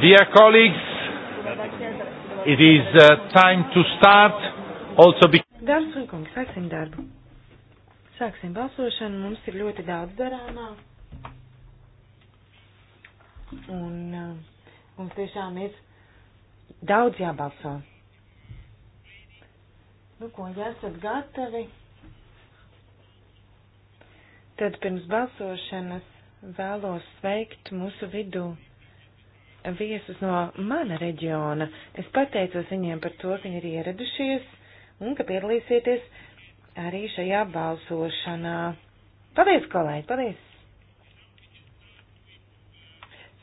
Dear colleagues, it is uh, time to start also because... Dāmas un kungi, sāksim darbu. Sāksim balsošanu, mums ir ļoti daudz darāmā. Un uh, mums tiešām ir daudz jābalso. Nu ko, ja esat gatavi, tad pirms balsošanas vēlos sveikt mūsu vidū viesus no mana reģiona. Es pateicos viņiem par to, ka viņi ir ieradušies un ka piedalīsieties arī šajā balsošanā. Paldies, kolēģi, paldies!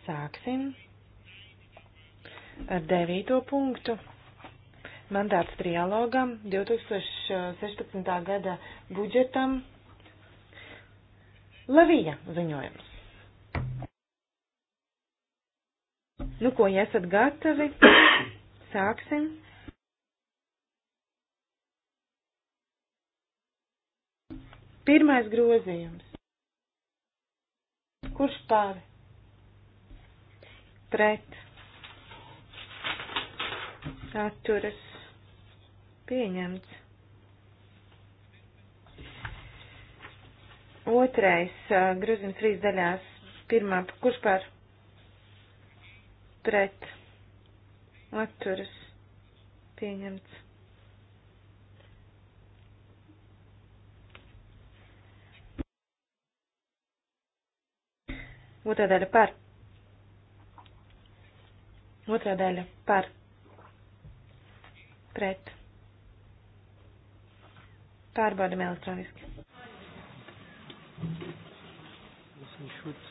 Sāksim ar devīto punktu. Mandāts trialogam 2016. gada budžetam Lavija ziņojums. Nu, ko, ja esat gatavi, sāksim. Pirmais grozījums. Kurš pāri? Pret. Atturas. Pieņemts. Otrais uh, grozījums trīs daļās. Pirmā, kurš pāri? pret atturas pieņemts. Otrā daļa par. Otrā daļa par. Pret. Pārbaudam elektroniski. Listen, shoot.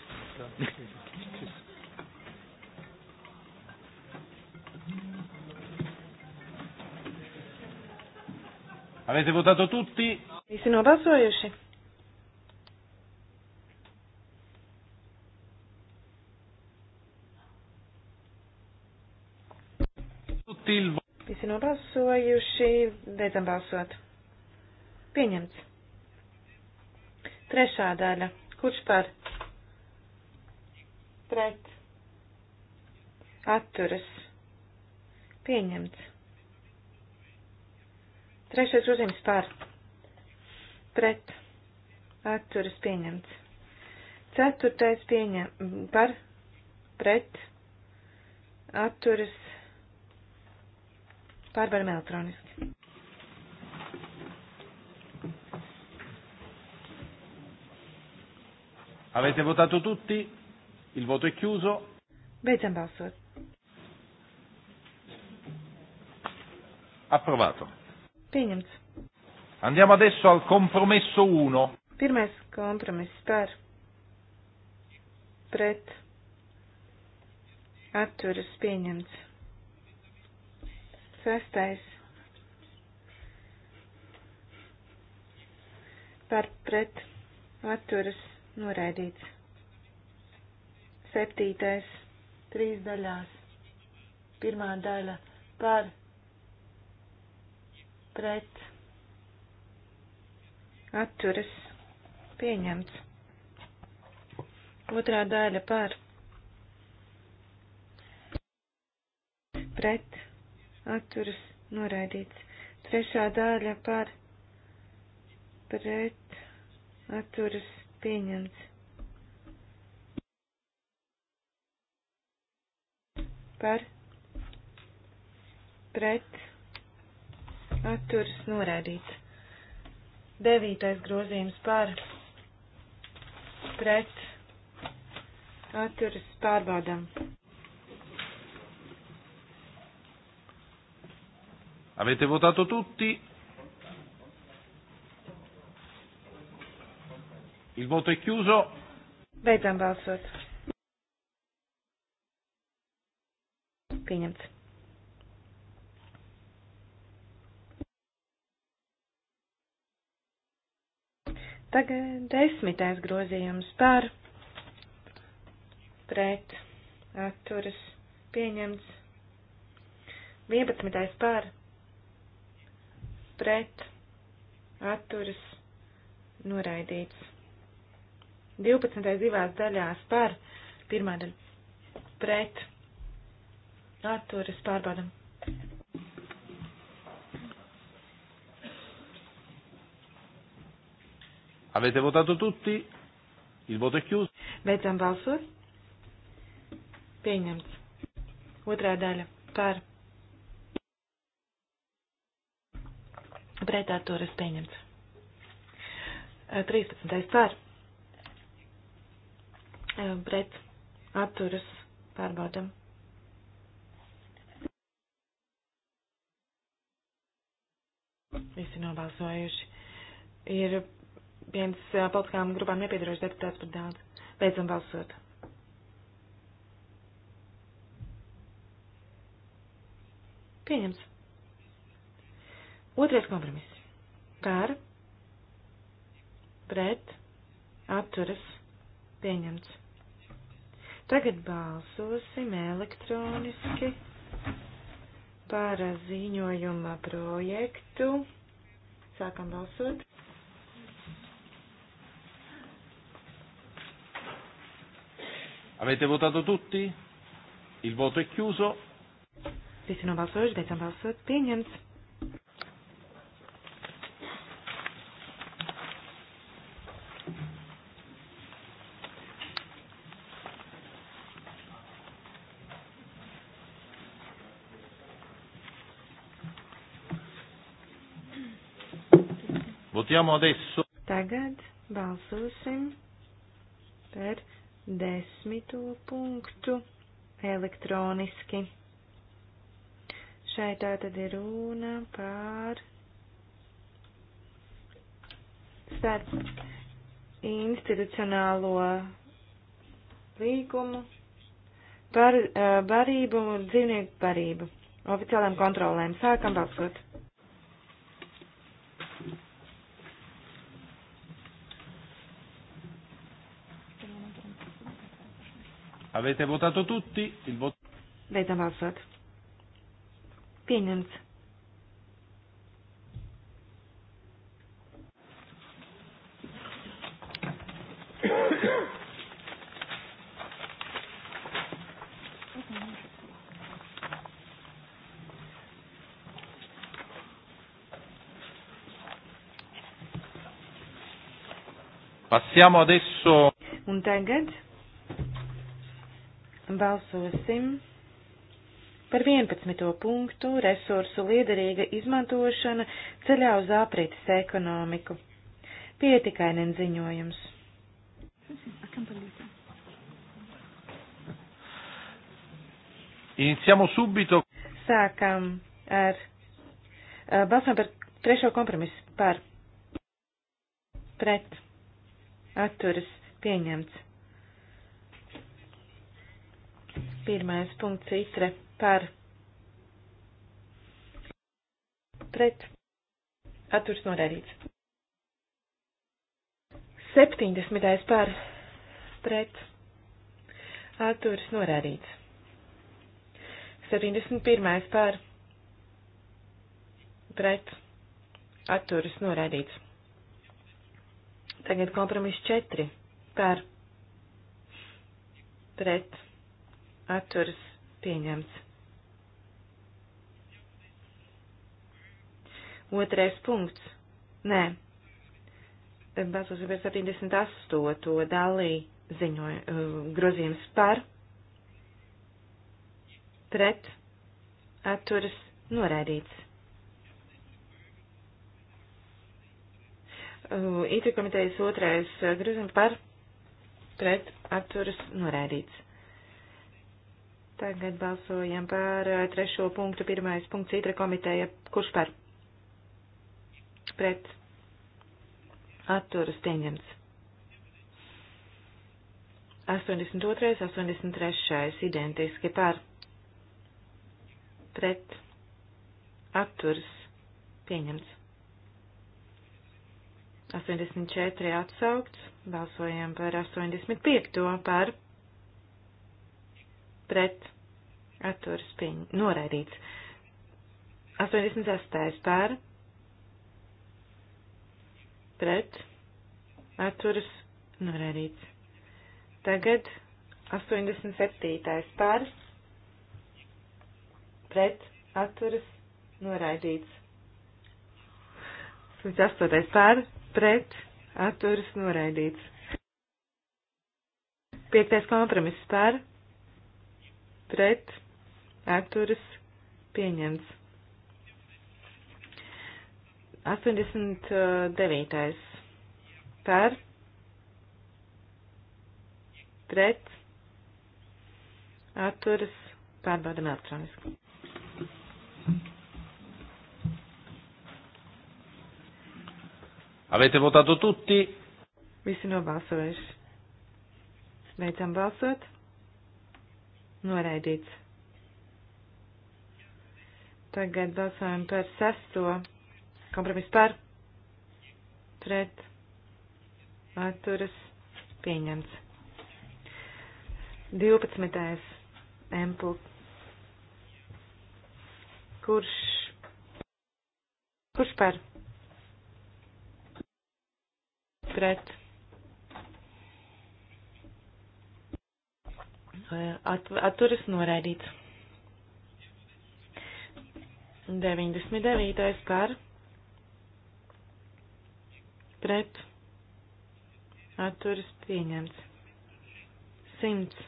Avete votato tutti? Visi nobalsojuši. Visi nobalsojuši, beidzam balsot. Pieņemts. Trešā daļa. Kurš par? Pret. Atturas. Pieņemts. Trešais grozījums par pret atturas pieņemts. Ceturtais pieņem par pret atturas pārbaram elektroniski. Avete votato tutti? Il voto è chiuso. Beidzam balsot. Approvato pieņemts. Andiamo adesso al compromesso 1. Pirmais kompromiss par pret atturas pieņemts. Sestais par pret atturas noraidīts. Septītais trīs daļās. Pirmā daļa par pret pret atturas pieņemts. Otrā daļa par pret atturas noraidīts. Trešā daļa par pret atturas pieņemts. Par pret atturas norādīts. Devītais grozījums par pret atturas pārbaudam. Avete votato tutti? Il voto è chiuso. Beidzam balsot. Pieņemts. Tagad desmitais grozījums par pret atturas pieņemts. Vienpadsmitais par pret atturas noraidīts. Divpadsmitais divās daļās par pirmā daļa pret atturas pārbaudam. Avete votato tutti? Il voto è chiuso. Beidzam balsot. Pieņemts. Otrā daļa par. Pretā turas pieņemts. 13. Eh, par. Eh, pret atturas pārbaudam. Visi nobalsojuši. Ir viens eh, politiskām grupām nepiedarošs deputāts par daudz. Beidzam balsot. Pieņemts. Otrais kompromiss. Pār, pret, atturas, pieņemts. Tagad balsosim elektroniski par ziņojuma projektu. Sākam balsot. Avete votato tutti? Il voto è chiuso. Visi nobalsojuši, beidzam balsot. Pieņemts. Votiamo adesso. Tagad balsosim par desmito punktu elektroniski. Šeit tā tad ir runa par starp institucionālo līgumu par uh, barību un dzīvnieku barību. Oficiālām kontrolēm sākam balsot. Avete votato tutti? Il voto... Beidzam balsot. Pieņemts. Passiamo adesso. Un tagad Balsosim par 11. punktu - resursu liederīga izmantošana ceļā uz aprītas ekonomiku. Pietikainen ziņojums. Iniciamo subito. Sākam ar eh, balsojumu par trešo kompromisu par pret atturas pieņemts. Pirmais punkts itre par pret atturs norēdīts. 70. par pret atturs norēdīts. 71. par pret atturs norēdīts. Tagad kompromiss 4 par pret atturas pieņemts. Otrais punkts. Nē. Balsosim par 78. dalī ziņoja uh, grozījums par, pret, atturas noraidīts. Uh, IT komitejas otrais uh, grozījums par, pret, atturas noraidīts. Tagad balsojam par eh, trešo punktu. Pirmais punkts Itra komiteja. Kurš par? Pret. Atturas pieņemts. 82. 83. identiski par. Pret. Atturas pieņemts. 84 atsaukts. Balsojam par 85. par pret atturas pieņ... noraidīts. 86. par pret atturas noraidīts. Tagad 87. par pret atturas noraidīts. 108. par pret atturas noraidīts. 5. kompromiss par pret atturas pieņemts. 89. par pret atturas pārbaudam elektroniski. Avete votato tutti? Visi nobalsojuši. Beidzam balsot. Noraidīts. Tagad balsojam par sesto kompromisu par pret atturas pieņemts. 12. empul. Kurš? Kurš par? Pret At, atturas noraidīts. 99. par pret atturas pieņemts. 100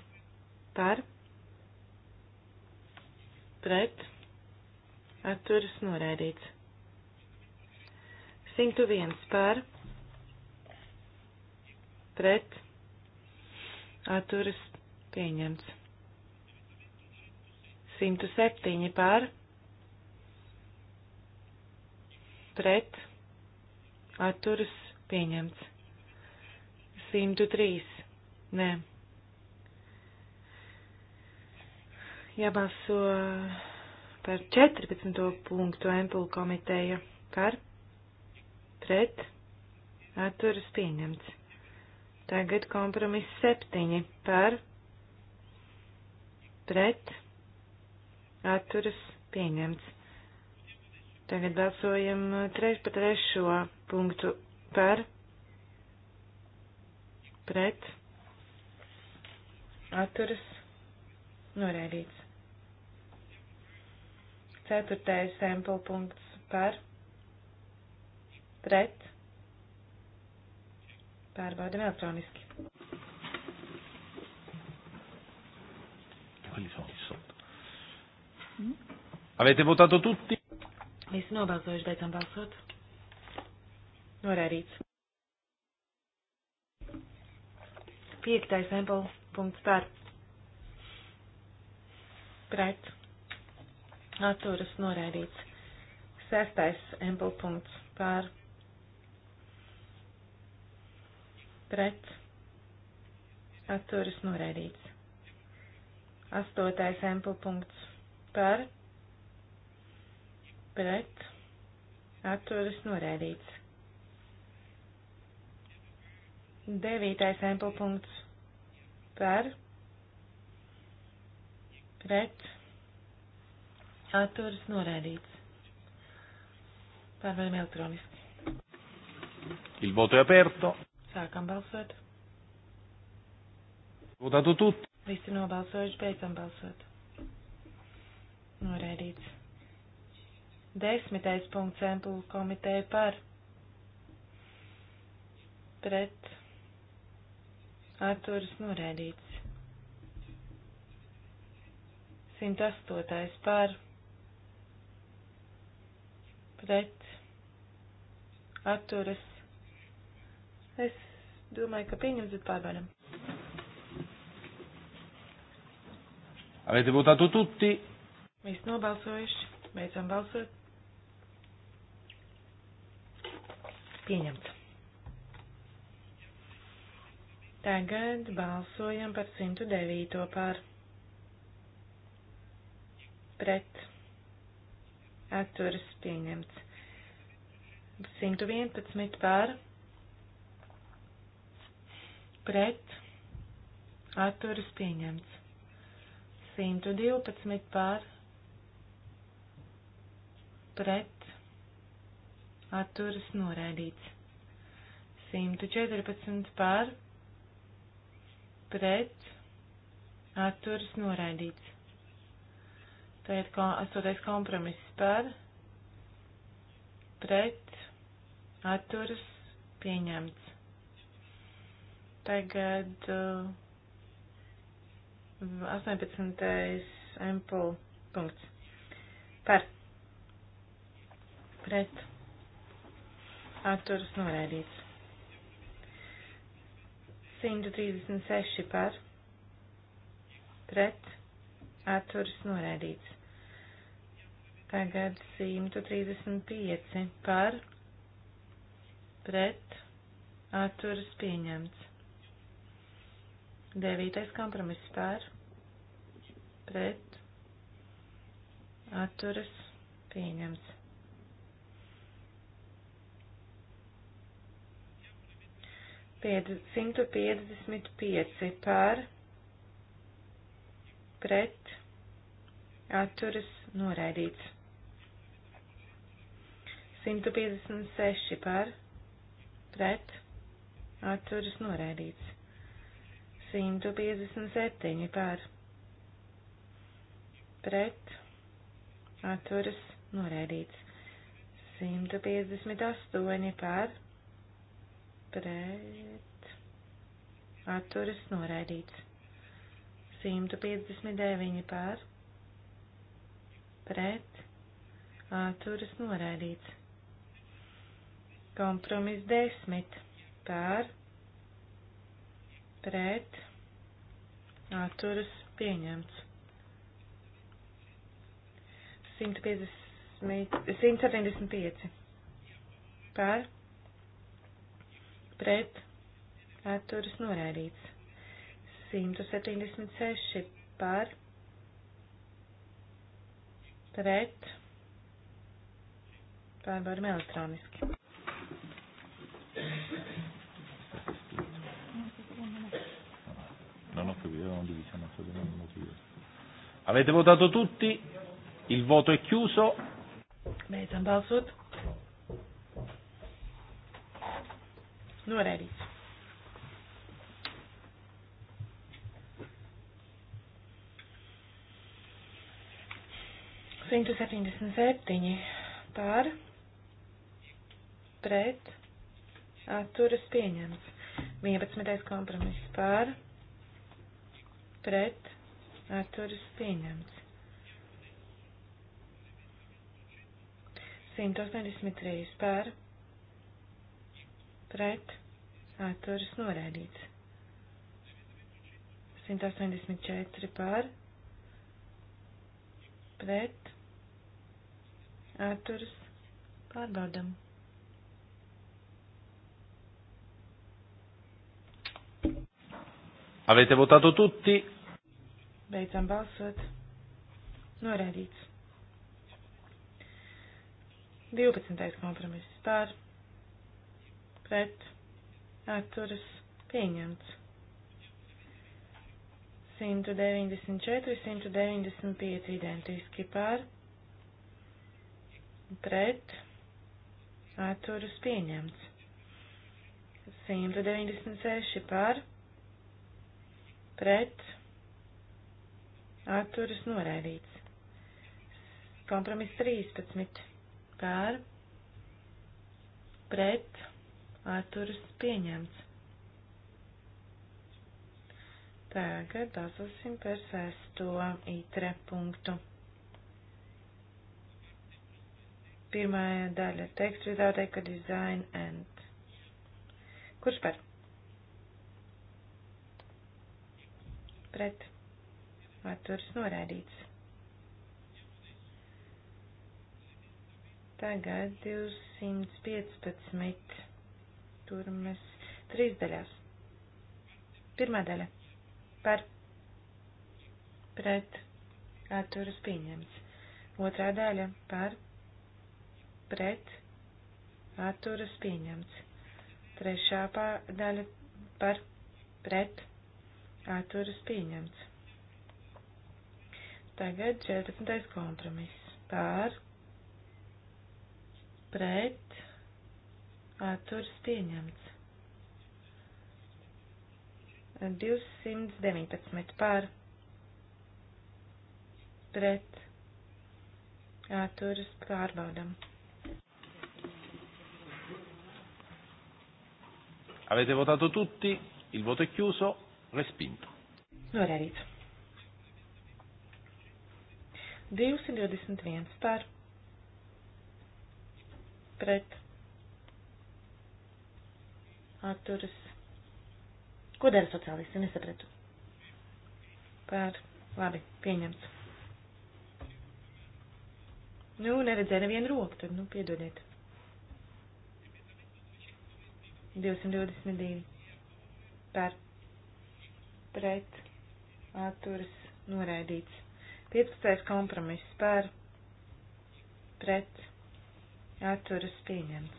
par pret atturas noraidīts. 101 par pret atturas Pieņemts. 107 par pret atturas pieņemts. 103. Nē. Jābalso par 14. punktu Empulu komiteja par pret atturas pieņemts. Tagad kompromiss 7 par pret, atturas pieņemts. Tagad balsojam treš, pa trešo punktu par, pret, atturas norēdīts. Ceturtais sample punkts par, pret, pārbaudam elektroniski. quelli sono lì sotto. Mm. Avete votato tutti? Visi nobalsojuši, beidzam balsot. Norēdīts. Piektais sample punkts par. Pret. Atturas norēdīts. Sestais sample punkts par. Pret. Atturas norēdīts. Astotais empul punkts par, pret, atturas norēdīts. Devītais empul punkts par, pret, atturas norēdīts. Pārvaram elektroniski. Il voto è aperto. Sākam balsot. Votato tutti. Visi nobalsojuši, beidzam balsot. Norēdīts. Desmitais punkts empulu komiteja par. Pret. Atturas norēdīts. 108. par. Pret. Atturas. Es domāju, ka pieņems, bet pārbaudam. Avete votato tutti? Mēs nobalsojuši. Beidzam balsot. Pieņemts. Tagad balsojam par 109. pār. Pret. Atturas pieņemts. 111 pār. Pret. Atturas pieņemts. 112 pār pret atturas noraidīts. 114 pār pret atturas noraidīts. Tagad astotais kompromiss par pret atturas pieņemts. Tagad uh, 18. ampul punkts. Par. Pret. Atturas noraidīts. 136 par. Pret. Atturas noraidīts. Tagad 135 par. Pret. Atturas pieņemts. Devītais kompromiss pār, pret, atturas, pieņems. Pied, 155 pār, pret, atturas, noraidīts. 156 pār, pret, atturas, noraidīts. 157 par pret atturas noraidīts. 158 par pret atturas noraidīts. 159 par pret atturas noraidīts. Kompromis 10 par pret atturas pieņemts. 150, 175 par pret atturas noraidīts. 176 par pret pārbaudam elektroniski. hanno più, avevano diviso, non so per quale motivo. Avete votato tutti? Il voto è chiuso. Beidzam balsot. Norēdīts. Simtu septiņdesmit septiņi pār pret atturas pieņemts. Vienpadsmitais kompromiss pār pret atturas pieņemts. 183 par pret atturas norēdīts. 184 par pret atturas pārbaudam. Avete votato tutti? Beidzam balsot. Norādīts. 12. kompromiss pār, pret, atturas, pieņemts. 194, 195 identiski pār, pret, atturas, pieņemts. 196 pār, pret atturas noraidīts. Kompromiss 13 pār pret atturas pieņemts. Tagad balsosim par sesto itre punktu. Pirmā daļa - tekstu redakcija, ka design and. Kurš par? pret atturas noraidīts. Tagad 215. Tur mēs trīs daļās. Pirmā daļa par pret atturas pieņemts. Otrā daļa par pret atturas pieņemts. Trešā daļa par pret atturas pieņemts. Tagad 14. kompromiss par pret atturas pieņemts. 219 par pret atturas pārbaudam. Avete votato tutti? Il voto è chiuso. Respinto. Norādīts. 221 par pret atturas. Ko dara sociālisti? Nesapratu. Pār. Labi, pieņemts. Nu, neredzēju nevienu roku, tad, nu, piedodiet. 222. Pār pret atturas noraidīts. 15. kompromiss par pret atturas pieņemts.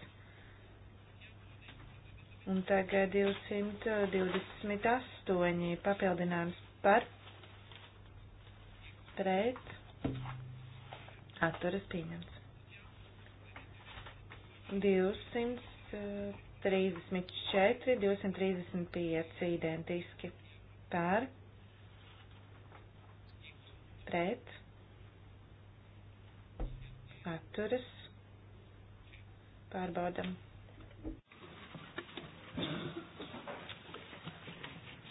Un tagad 228 papildinājums par pret atturas pieņemts. 234, 235 identiski par pret atturas pārbaudam.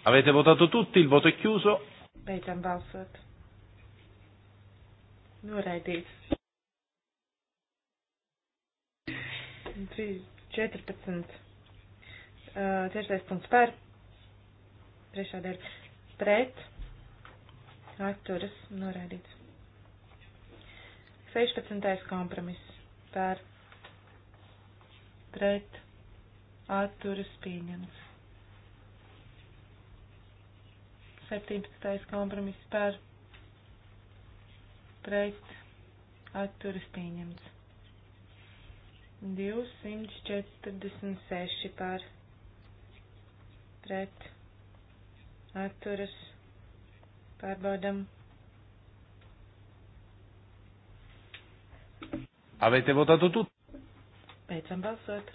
Avete votato tutti, il voto è chiuso. Beidzam balsot. Noraidīts. 3, 14. Uh, tiešais punkts par trešā daļa pret atturas norādīts. 16. kompromiss par pret atturas pieņems. 17. kompromiss par pret atturas pieņemts. 246 par pret atturas pārbaudam. Avete votato tutti? Beidzam balsot.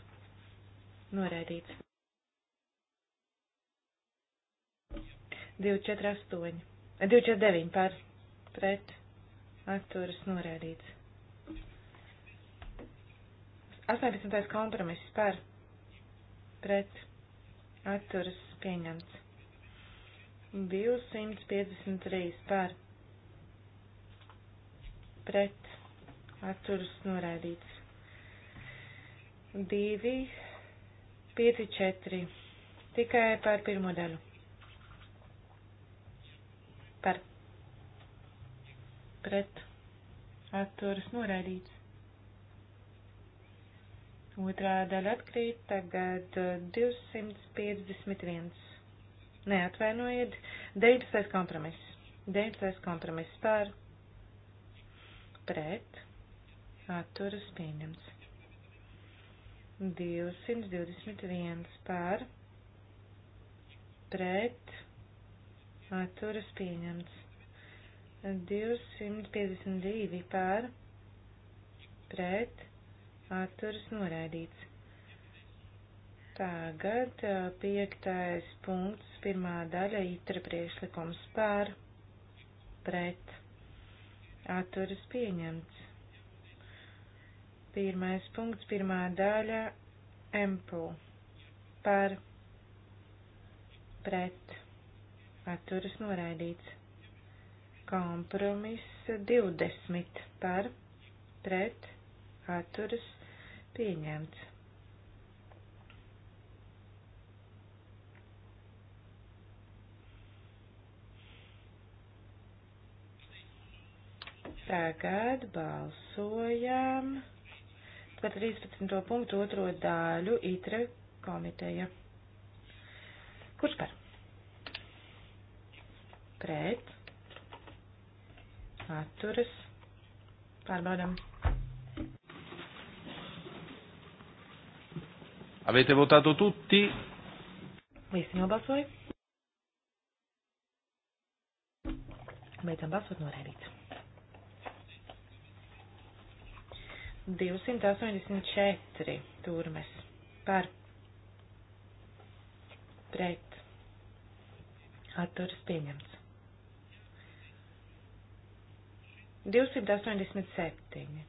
Noraidīts. 248. 249 par pret atturas noraidīts. 18. kompromiss par pret atturas pieņemts. 253 par pret atturus noraidīts. 2, 5, 4 tikai par pirmo daļu. Par pret atturus noraidīts. Otrā daļa atkrīt tagad 251 eh, neatvainojiet, 19. kompromiss. 19. kompromiss par pret atturas pieņemts. 221 par pret atturas pieņemts. 252 par pret atturas noraidīts. Tagad piektais punkts, pirmā daļa itra priekšlikums pār, pret, atturas pieņemts. Pirmais punkts, pirmā daļa empu pār, pret, atturas noraidīts. Kompromiss 20 par, pret, atturas pieņemts. Tagad balsojam par 13. punktu otro daļu ITRE komiteja. Kurš par? Pret. Atturas. Pārbaudam. Avete votato tutti? Visi nobalsoja. Beidzam balsot noraidīt. 284 turmes par pret atturas pieņemts. 287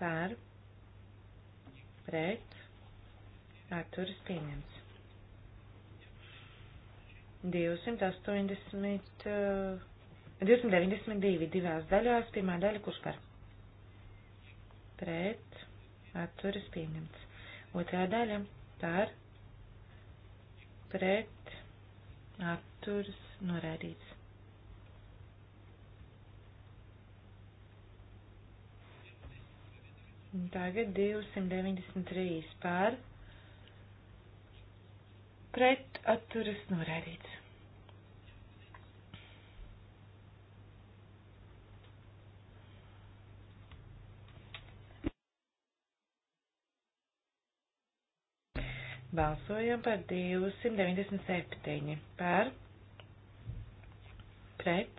par pret atturas pieņemts. 280, 292 eh, divās daļās, pirmā daļa kurš par pret, atturas pieņemts. Otrā daļa par, pret, atturas norādīts. Tagad 293 par, pret, atturas norādīts. Balsojam par 297. Par. Pret.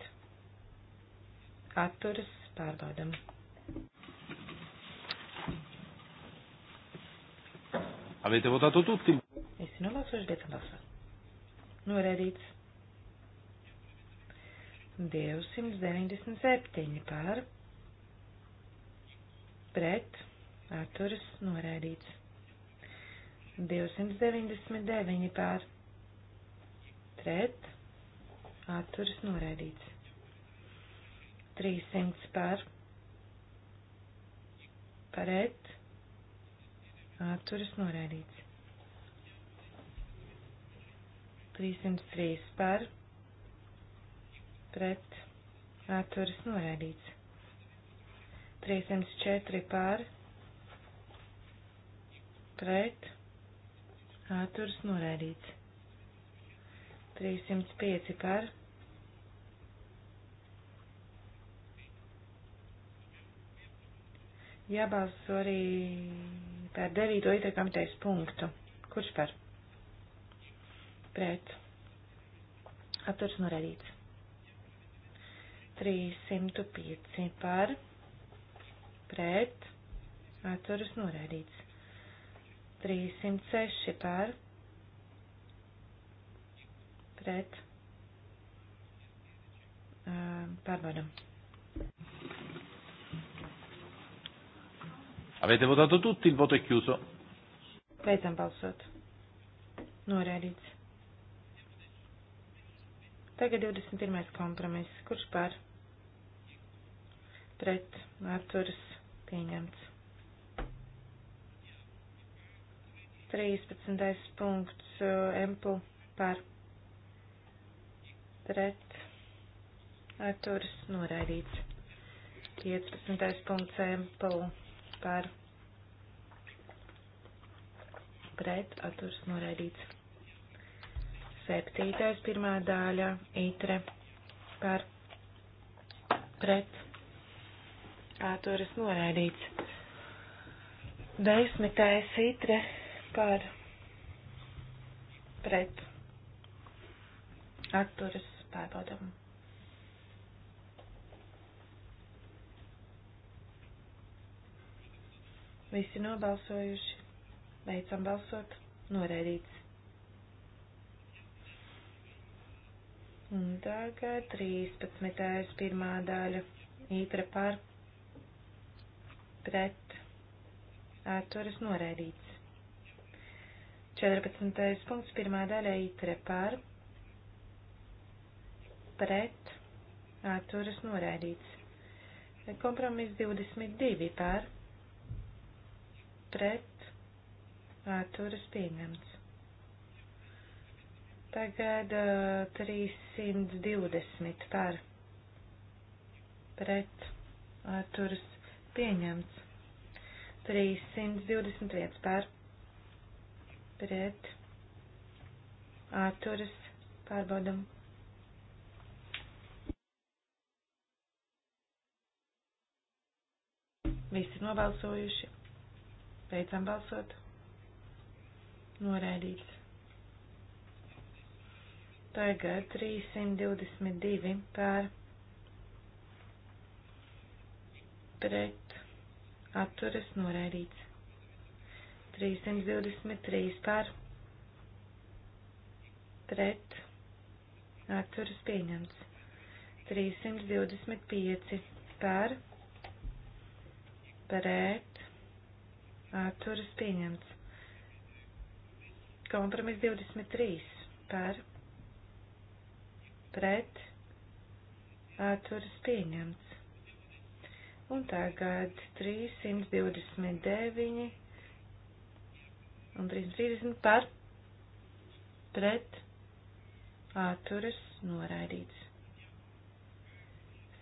Atturas pārbaudam. Avete votato tutti? E se non la so, sbetta basta. Norēdīts. 297 par. Pret. Atturas norēdīts. 299 pār pret atturas noraidīts. 300 pār pret atturas noraidīts. 303 pār pret atturas noraidīts. 304 pār pret Atturs norādīts. 305 par. Jābalso arī par 9. ietekamtais punktu. Kurš par? Pret. Atturs norādīts. 305 par. Pret. Atturas norādīts. 306 par pret pārbaudam. Avete votato tutti, il voto è chiuso. Beidzam balsot. Norēdīts. Tagad 21. kompromiss. Kurš par? Pret atturas pieņemts. 13. punkts eh, emplu par pret atturas noraidīts. 15. punkts emplu par pret atturas noraidīts. 7. pirmā daļa itre par pret atturas noraidīts. 10. itre par pret atturas pārbaudam. Visi nobalsojuši, beidzam balsot, noraidīts. Un tagad 13. pirmā daļa īpra par pret atturas noraidīts. 14. punkts, pirmā daļa itre par, pret, atturas noraidīts. Kompromiss 22 par, pret, atturas pieņemts. Tagad 320 uh, par, pret, atturas pieņemts. 321 par, pret pret atturas pārbaudam. Visi ir nobalsojuši. Beidzam balsot. Noraidīts. Tagad 322 pār pret atturas noraidīts. 323 par pret atturas pieņemts. 325 par pret atturas pieņemts. Kompromis 23 par pret atturas pieņemts. Un tagad 329 un 330 par pret atturas noraidīts.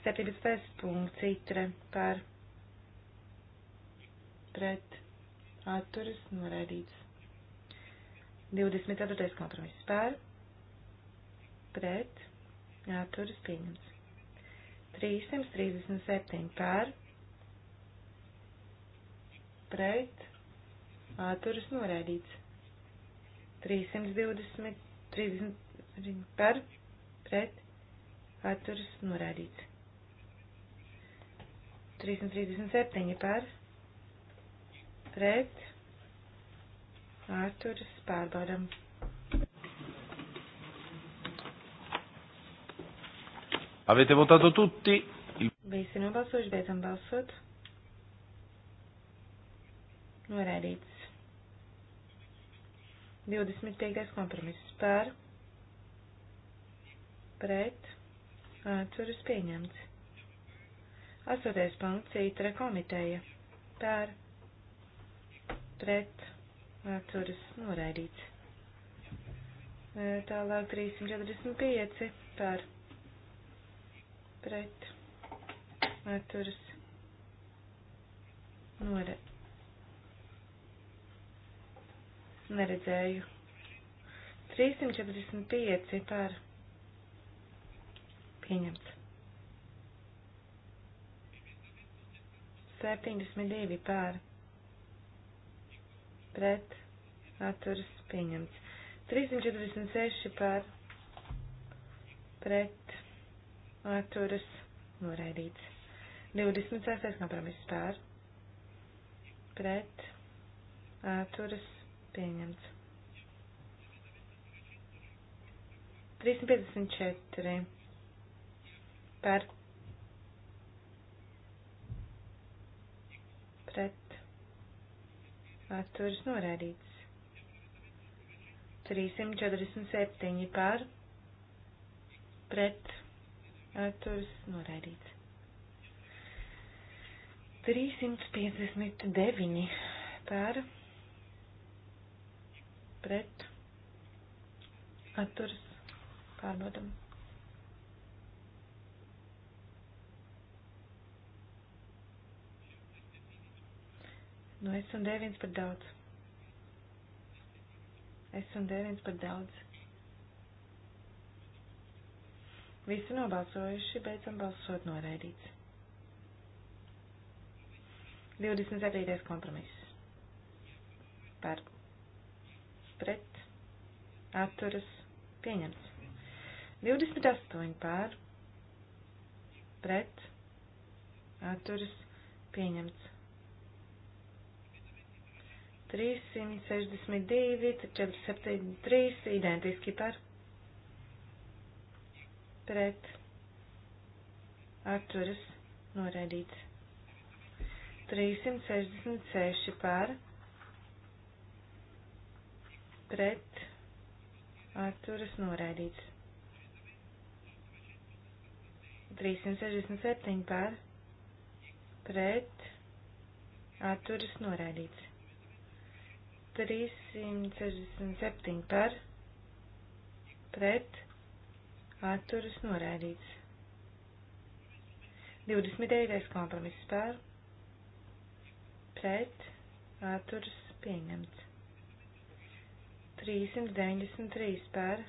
17. punkts citre par pret atturas noraidīts. 24. kompromiss par pret atturas pieņemts. 337 par pret atturas noraidīts. 320, 30 par, pret, atturas noraidīts. 337 par, pret, atturas pārbaudam. Avete votato tutti? Visi nobalsojuši, beidzam balsot. Noraidīts. 25. kompromiss par pret atceras pieņemts. 8. punkts citra komiteja par pret atceras noraidīts. E, tālāk 345 par pret atceras noraidīts Neredzēju. 345 par pieņemts. 72 par pret atturas pieņemts. 346 par pret atturas noraidīts. 26. kompromiss par pret atturas pieņemts. 354 par pret atturis norādīts. 347 par pret atturis norādīts. 359 par pret pret atturas pārbaudam. Nu, es un dēviens par daudz. Es un dēviens par daudz. Visi nobalsojuši, beidzam balsot noraidīts. 27. kompromiss. Par pret atturas pieņemts. 28 pār pret atturas pieņemts. 362, 473 identiski par pret atturas noraidīts. 366 pār pret pret atturas noraidīts. 367 pār pret atturas noraidīts. 367 par pret atturas noraidīts. 29. kompromiss par pret atturas pieņemts. 393 par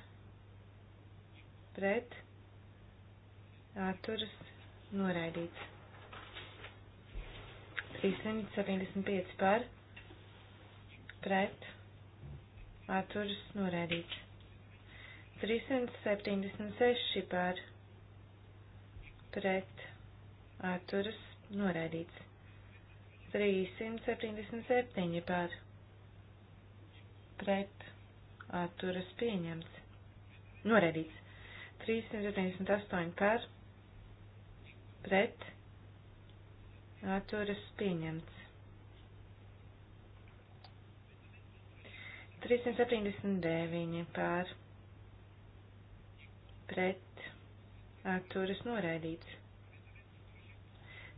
pret atturas noraidīts. 375 par pret atturas noraidīts. 376 par pret atturas noraidīts. 377 par pret atturas pieņemts. Noredīts. 378 par, pret, atturas pieņemts. 379 par, pret, atturas noraidīts.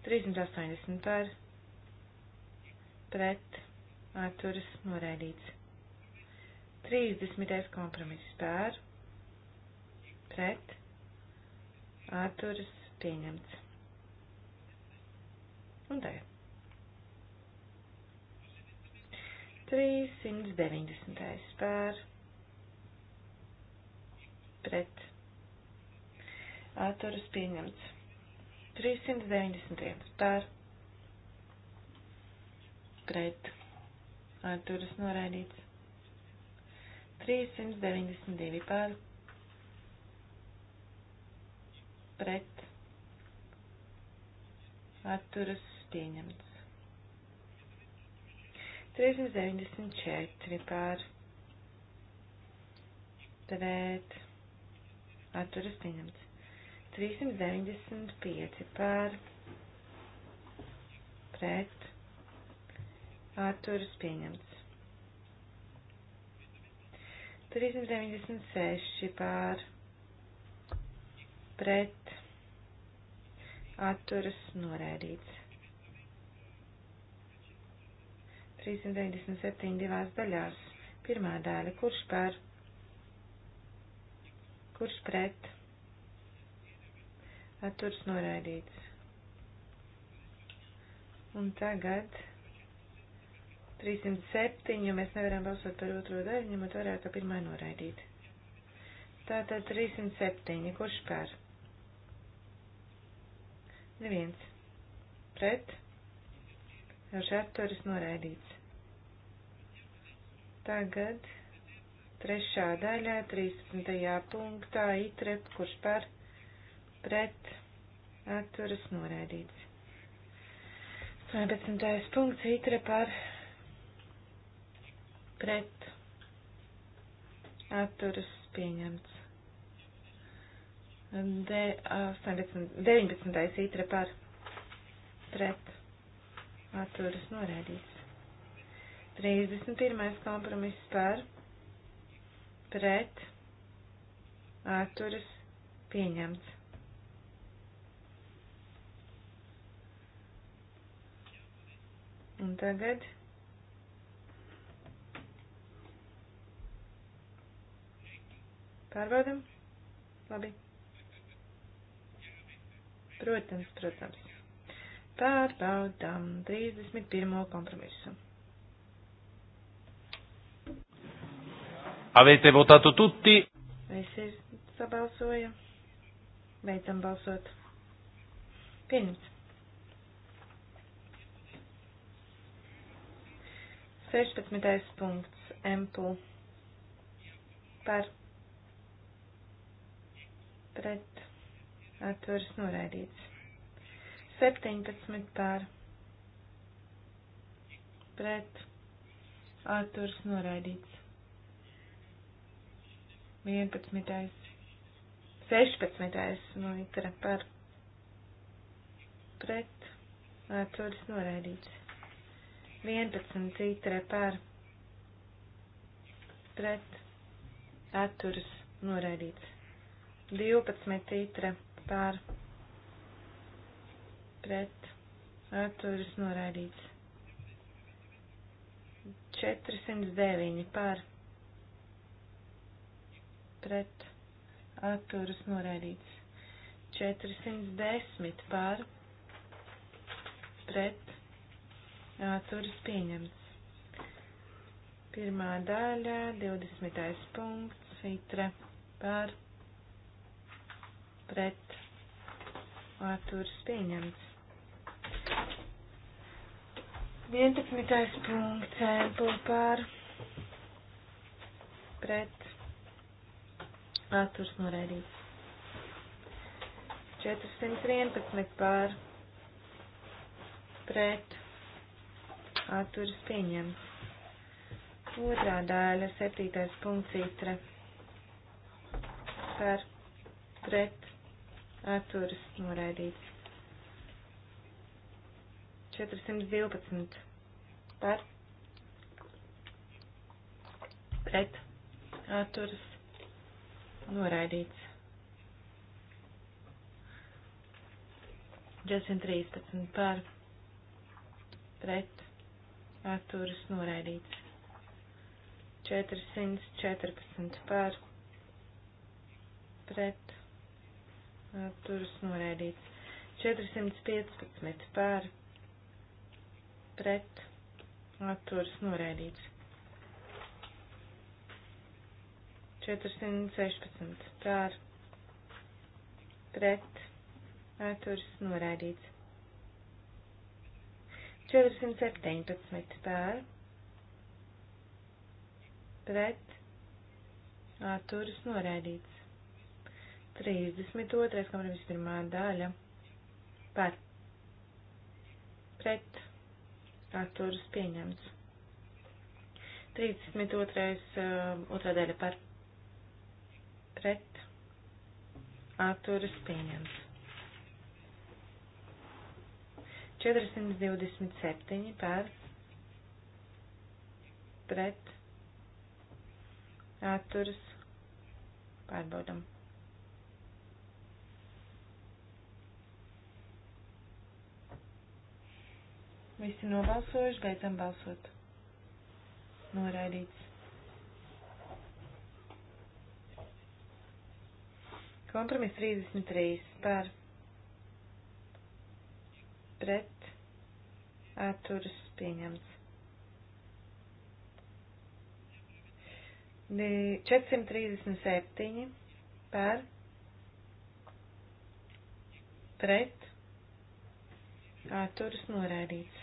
380 par, pret, atturas noraidīts. 30. kompromiss pār, pret, atturas pieņemts. Un tagad. 390. pār, pret, atturas pieņemts. 391. pār, pret, atturas noraidīts. 392 par pret atturas pieņemts. 394 par pret atturas pieņemts. 395 par pret atturas pieņemts. 396 pār pret atturas norēdīts. 397 divās daļās. Pirmā daļa, kurš pār, kurš pret atturas norēdīts. Un tagad 307, jo mēs nevaram balsot par otro daļu, ņemot vērā, ka pirmā noraidīta. Tātad 307, kurš pār? Neviens. Pret. Jau šatturis noraidīts. Tagad trešā daļā, 13. punktā, itrep, kurš par pret atturas noraidīts. 12. punkts, itrep par pret atturas pieņemts. De, 18, 19. ītra par pret atturas norēdīts. 31. kompromiss par pret atturas pieņemts. Un tagad Pārbaudam. Labi. Protams, protams. Pārbaudām 31. kompromisu. Avete votato tutti? Visi sabalsoja. Beidzam balsot. Pieņemts. 16. punkts. Empul. Par pret atturas noraidīts. 17 pār pret atturas noraidīts. 11. 16. no itra par pret atturas noraidīts. 11 itra par pret atturas noraidīts. 12 itre pār pret atturas noraidīts. 409 pār pret atturas noraidīts. 410 pār pret atturas pieņemts. Pirmā daļa, 20. punkts, itre pār pret pret atturs pieņemts. 11. punkts ēmpul pār pret atturs noraidīts. 411 pār pret atturs pieņemts. Otrā dēļa, septītais punkts, itra par pret atturas noraidīts. 412 par pret atturas noraidīts. 413 par pret atturas noraidīts. 414 par pret atturas noraidīts. 415 pār pret atturas noraidīts. 416 pār pret atturas noraidīts. 417 pār pret atturas noraidīts. 32. kompromiss pirmā daļa par pret atturas pieņemts. 32. Uh, otrā daļa par pret atturas pieņemts. 427 par pret atturas pārbaudam. Visi nobalsojuši, beidzam balsot. Noraidīts. Kompromiss 33 par pret atturas pieņemts. 437 par pret atturas noraidīts.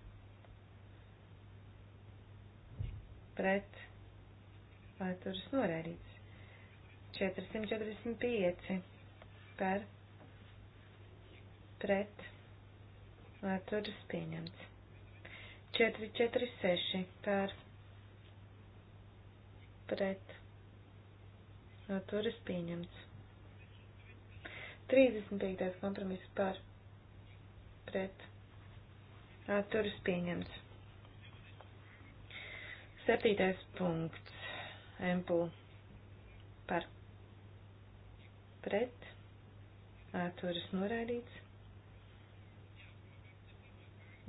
pret atturas noraidīts. 445 par pret atturas pieņemts. 446 par pret atturas pieņemts. 35. kompromiss par pret atturas pieņemts. Septītais punkts. Empul par pret. Atturas noraidīts.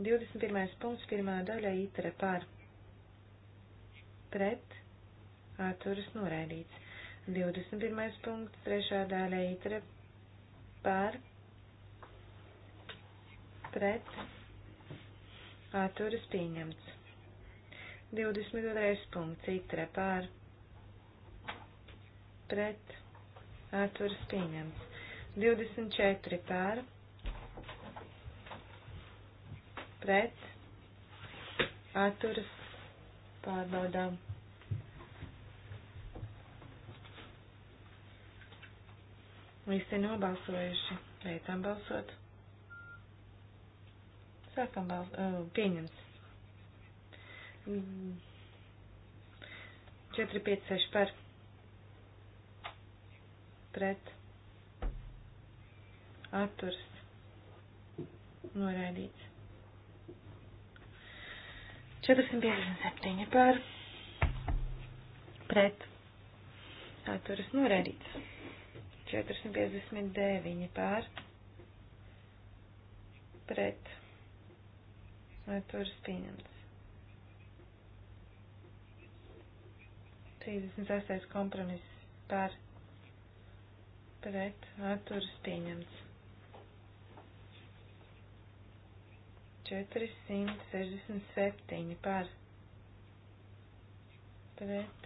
21. punkts, pirmā daļa itre par pret. Atturas noraidīts. 21. punkts, trešā daļa itre par pret. Atturas pieņemts. 22. punkts itre pār pret atturas pieņemts. 24 pār pret atturas pārbaudām. Visi nobalsojuši. Beidzam balsot. Sākam balsot. Uh, pieņemts. 4, 5, 6 par pret atturs noraidīts. 457 par pret atturas norādīts. 459 par pret atturas pieņemts. 36. kompromiss par pret atturas pieņemts. 467 par pret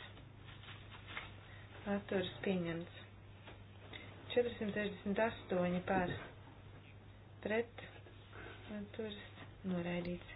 atturas pieņemts. 468 par pret atturas noraidīts.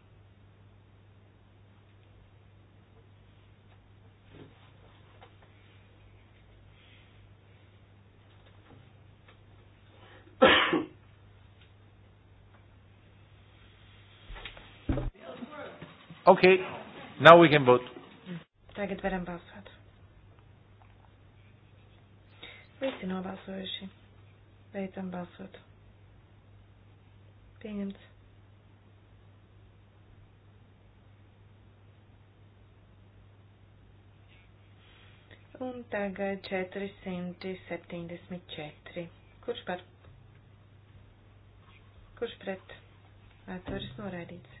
Okay, now we can vote. Tagad varam balsot. Visi nobalsojuši. Beidzam balsot. Pieņemts. Un tagad 474. Kurš par? Kurš pret? Atveris noraidīts.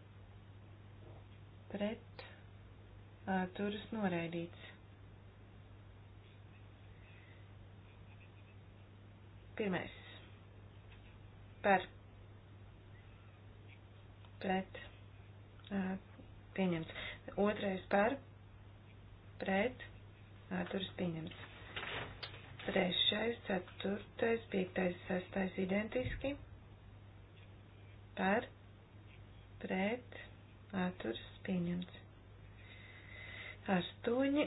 pret atturas noraidīts. Pirmais. Par. Pret. Pieņemts. Otrais par. Pret. Atturas pieņemts. Trešais, ceturtais, piektais, sestais identiski. Par. Pret. Atturas pieņemts. Astoņi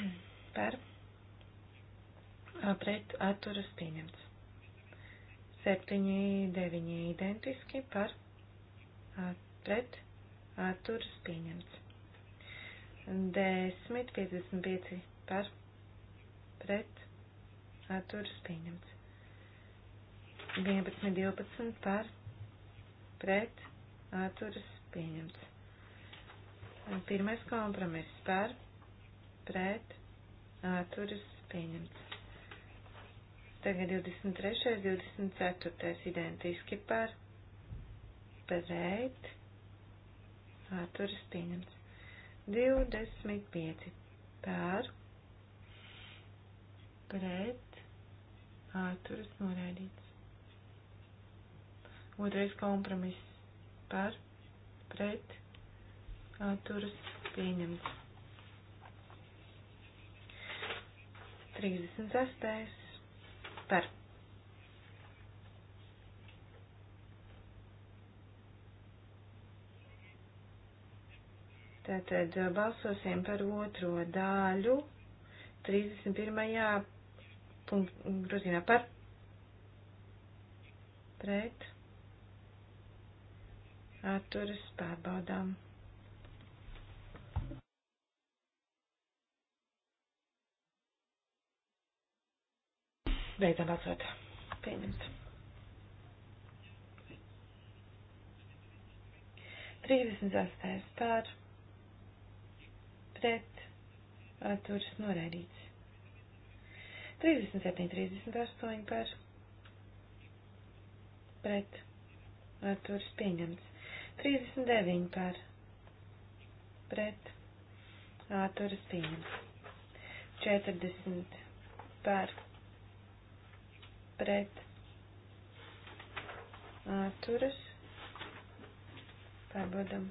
par pret atturas pieņemts. Septiņi, deviņi identiski par pret atturas pieņemts. Desmit, piecdesmit pieci par pret atturas pieņemts. 11, 12 par pret atturas pieņemts. Pirmais kompromiss par, pret, atturas pieņemts. Tagad 23. 24. identiski par, pret, atturas pieņemts. 25. par, pret, atturas noraidīts. Otrais kompromiss par, pret, atturas pieņemts. 36. par. Tātad uh, balsosim par otro daļu 31. Punkt, grozījumā par pret atturas pārbaudām. Beidzam balsot. Pieņemts. 36. pār pret atturas noraidīts. 37, 38 pār pret atturas pieņemts. 39 pār pret atturas pieņemts. 40 pār pret atturas pārbaudam.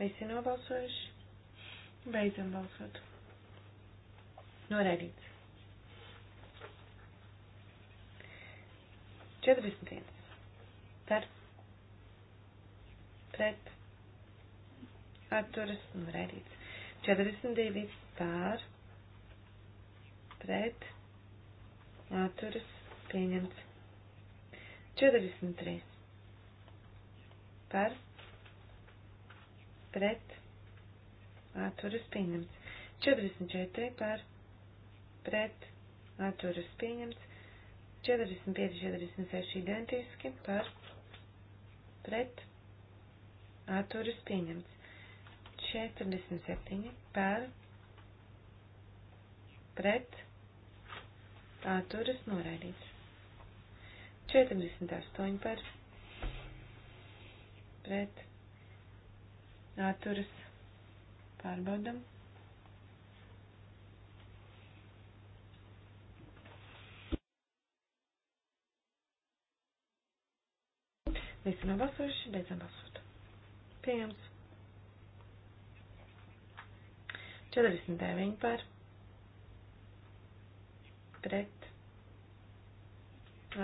Visi nobalsojuši. Beidzam balsot. Noraidīts. 41. Par pret atturas noraidīts. 42 pār pret atturas pieņemts. 43 par pret atturas pieņemts. 44 par pret atturas pieņemts. 45, 46 identiski par pret atturas pieņemts. 47 par pret atturas noraidīts. 48 par pret atturas pārbaudam. Visi nobalsojuši, beidzam balsot. Pieņemts. 49 par pret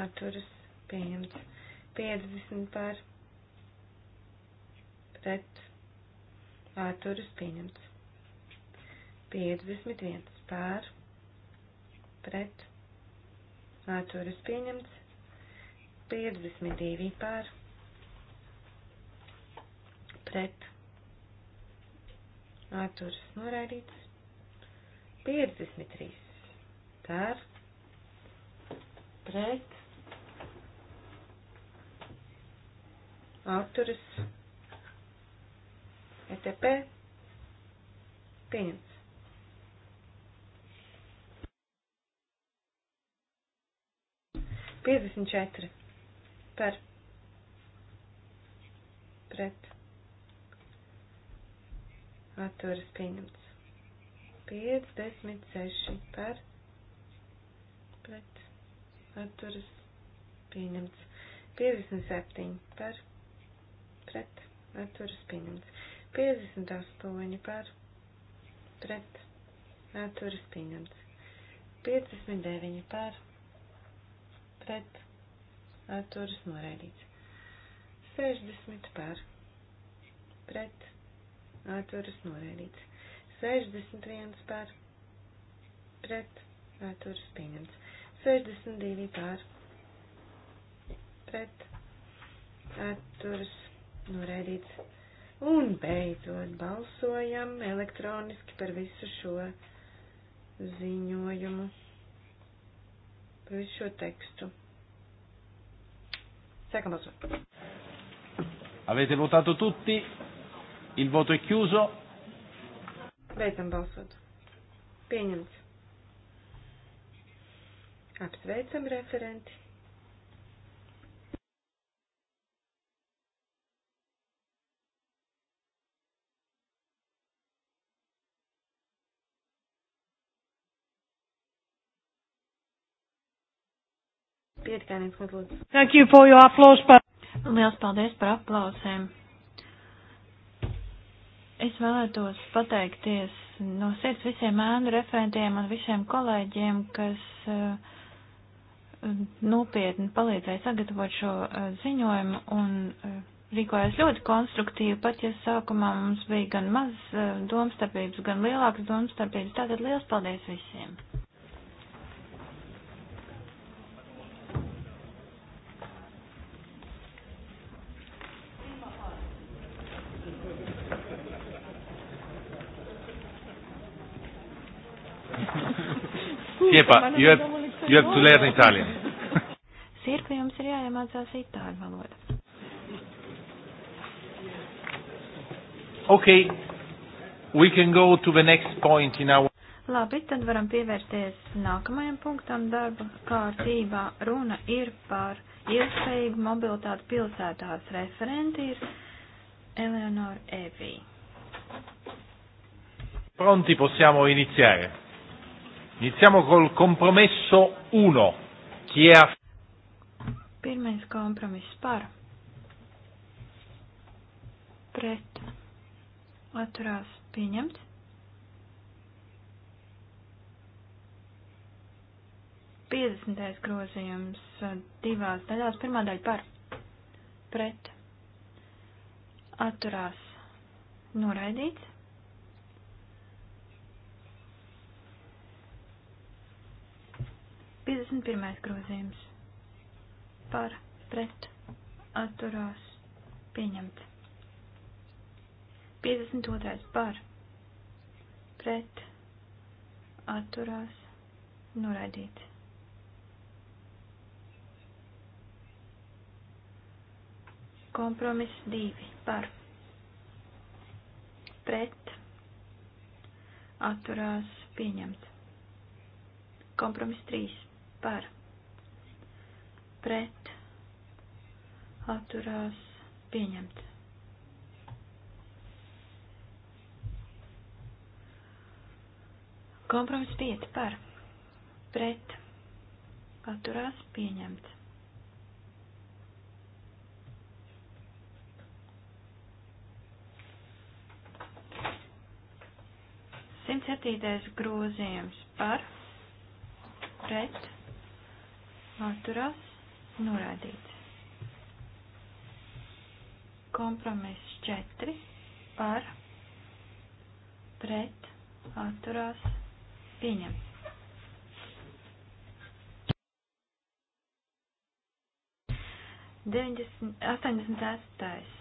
atturas pieņemts. 50 par pret atturas pieņemts. 51 par pret atturas pieņemts. 52 par pret atturas noraidīts. 53 par pret atturas ETP pieņemts. Piecdesmit četri par pret atturas pieņemts. 56 par pret atturas pieņemts. 57 par pret atturas pieņemts. 58 par pret atturas pieņemts. 59 par pret atturas noraidīts. 60 par pret atturas noraidīts. 61 pār pret atturas pieņemts. 62 pār pret atturas noraidīts. Un beidzot balsojam elektroniski par visu šo ziņojumu, par visu šo tekstu. Sākam balsot. Avete votato tutti? Il voto è chiuso. Beidzam balsot. Pieņemts. Apsveicam referenti. Pietiekānīgs mazliet. Thank you for your applause. Liels paldies par aplausēm. Es vēlētos pateikties no sirds visiem ēnu referentiem un visiem kolēģiem, kas eh, nopietni palīdzēja sagatavot šo eh, ziņojumu un eh, rīkojās ļoti konstruktīvi, pat ja sākumā mums bija gan maz domstarpības, gan lielākas domstarpības. Tātad liels paldies visiem! Siepa, you have, you have to learn Italian. Sirpa, jums ir jāiemācās itāļu valoda. Okay, we can go to the next point in our. Labi, tad varam pievērsties nākamajam punktam darba kārtībā. Runa ir par ilgspējīgu mobilitāti pilsētās. Referenti ir Eleonora Evi. Pronti, possiamo iniziare. Iniziamo col compromesso 1. Chi è a... Pirmais kompromiss par. Pret. Atturās pieņemts. Piedesmitais grozījums eh, divās daļās. Pirmā daļa par. Pret. Atturās noraidīts. 51. grozījums par pret atturās pieņemts. 52. par pret atturās noraidīts. Kompromiss 2 par pret atturās pieņemts. Kompromiss 3 par pret atturās pieņemt. Kompromis 5 par pret atturās pieņemt. Simt septītais grozījums par pret atturās norādīts. Kompromiss 4 par pret atturās pieņemts. Deviņdesmit, astoņdesmit atstājas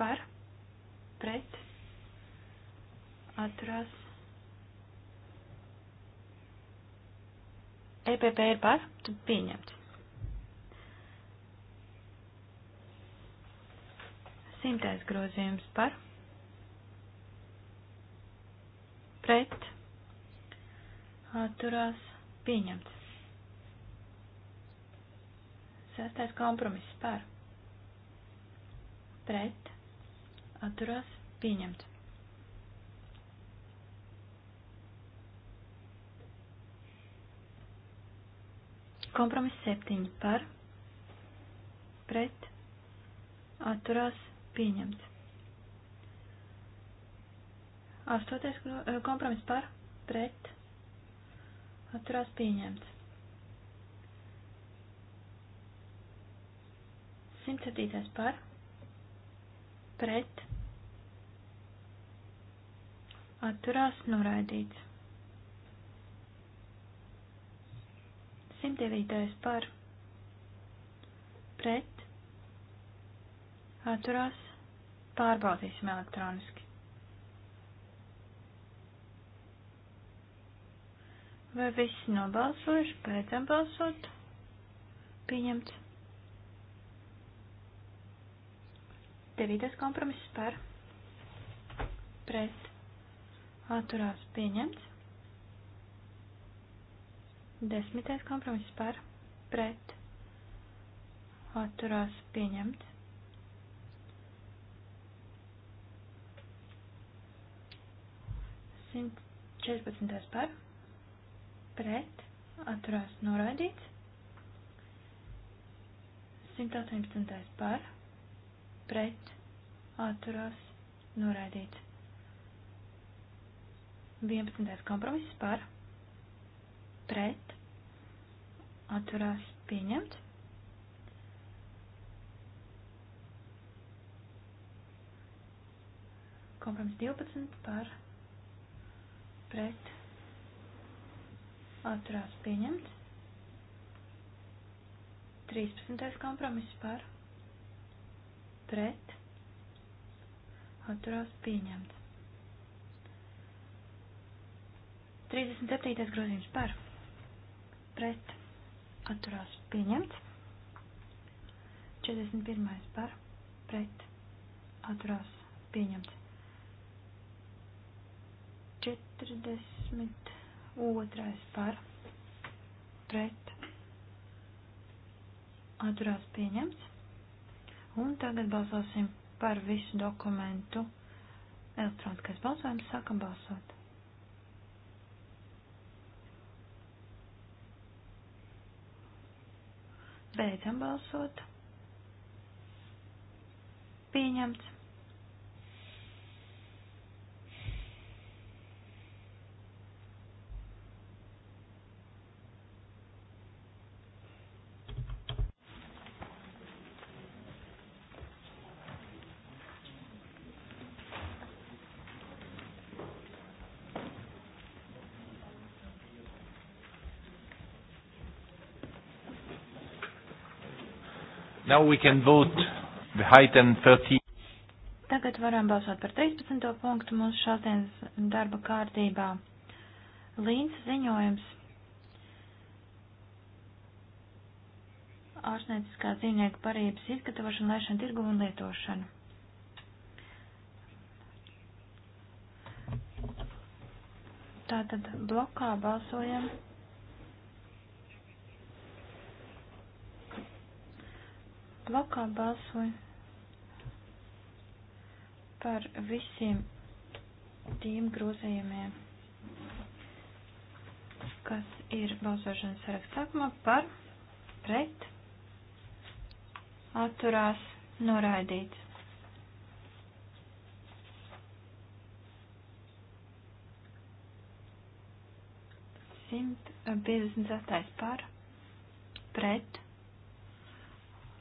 par, pret, atturās EPP ir par, tad pieņemts. 100. grozījums par, pret, atturās, pieņemts. 6. kompromiss par, pret, atturās, pieņemts. Kompromiss 7 par, pret, atturās, pieņemts. Astoties eh, kompromiss par, pret, atturās, pieņemts. 107. par, pret, atturās, noraidīts. 109. par pret atturās pārbaudīsim elektroniski. Vai visi nobalsojuši, beidzam balsot? Pieņemts. Devītais kompromiss par pret atturās pieņemts. Desmitais kompromiss par pret atturās pieņemts. Simt 14. par pret atturās noraidīts. 118. par pret atturās noraidīts. 11. kompromiss par pret atturās pieņemts. Kompromiss 12 par pret atturās pieņemts. 13. kompromiss par pret atturās pieņemts. 37. grozījums par pret atturās pieņemts. 41. par pret atturās pieņemts. 42. par pret atturās pieņemts. Un tagad balsosim par visu dokumentu elektroniskais balsojums. Sākam balsot. Beidzam balsot. Pieņemts. Now we can vote the item 13. Tagad varam balsot par 13. punktu mūsu šodienas darba kārtībā. Līns ziņojums. Ārstnieciskā dzīvnieku parības izgatavošana, lēšana tirgu un lietošana. Tātad blokā balsojam blokā balsoju par visiem tiem grozījumiem, kas ir balsošanas sarakstā sākumā par pret atturās noraidīts. Simt piecdesmit par pret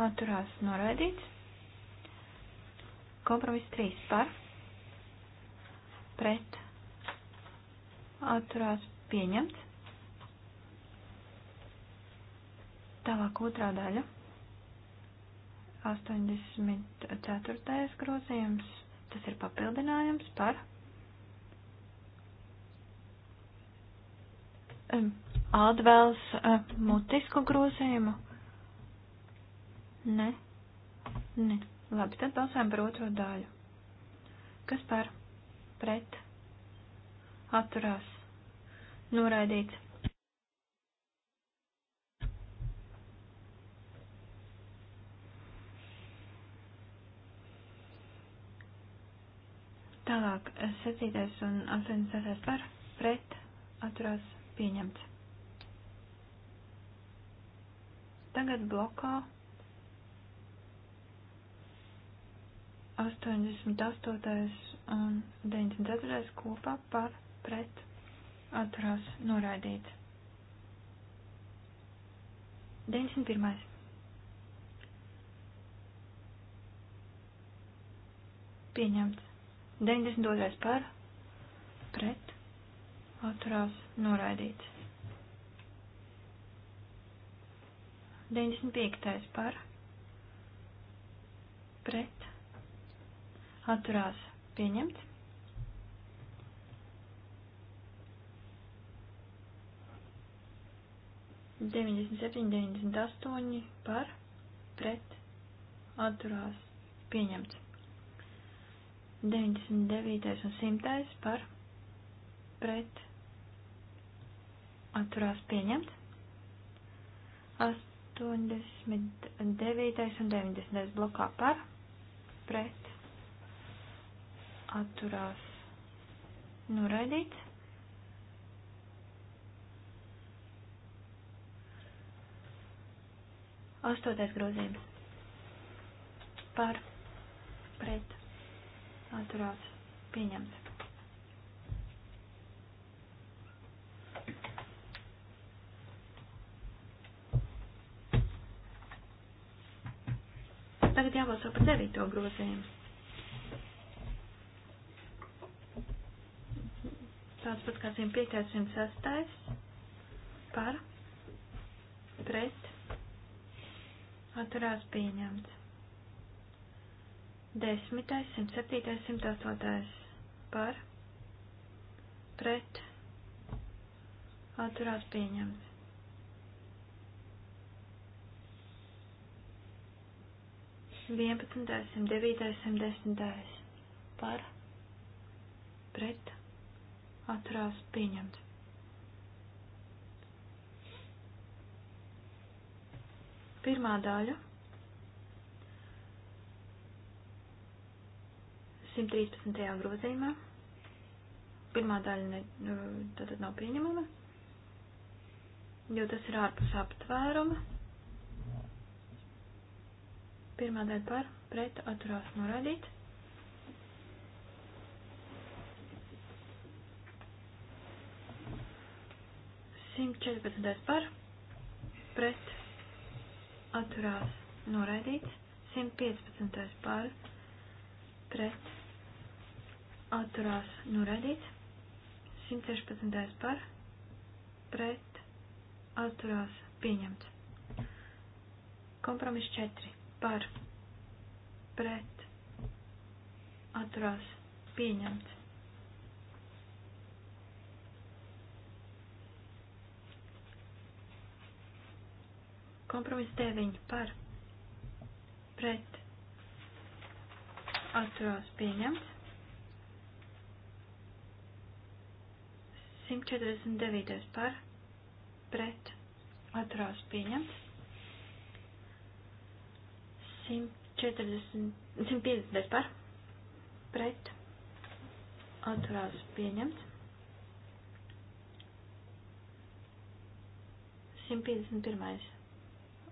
atturās noraidīts. Kompromiss 3 par, pret, atturās pieņemts. Tālāk otrā daļa. 84. grozījums. Tas ir papildinājums par. Atvēls eh, mutisku grozījumu Nē. Nē. Labi, tad balsojam par otro daļu. Kas par? Pret. Atturās. Noraidīts. Tālāk, 7. un 86. par pret atturās pieņemts. Tagad blokā 88. un 94. kopā par pret atturās noraidīt. 91. Pieņemts. 92. par pret atturās noraidīt. 95. par pret atturās pieņemts. Deviņdesmit septiņi, deviņdesmit astoņi par, pret, atturās, pieņemts. Deviņdesmit devītais un simtais par, pret, atturās, pieņemts. Astoņdesmit devītais un deviņdesmitais blokā par, pret, atturās noraidīts. Nu, Astotais grozījums par pret atturās pieņemts. Tagad jābalso par devīto grozījumu. tāds pat kā 105, 106 par pret atturās pieņemts. 10, 107, 108 par pret atturās pieņemts. Vienpadsmitais, simt devītais, simt desmitais par pret atturās pieņemt. Pirmā daļa 113. grozījumā. Pirmā daļa ne, nu, tātad nav pieņemama, jo tas ir ārpus aptvēruma. Pirmā daļa par pret atturās norādīt. 114. par pret atturās noraidīts. 115. par pret atturās noraidīts. 116. par pret atturās pieņemts. Kompromiss 4. Par. Pret. Atturās. Pieņemts. Kompromiss 9 par pret atturās pieņemts. 149 par pret atturās pieņemts. 140, 150 par pret atturās pieņemts. 151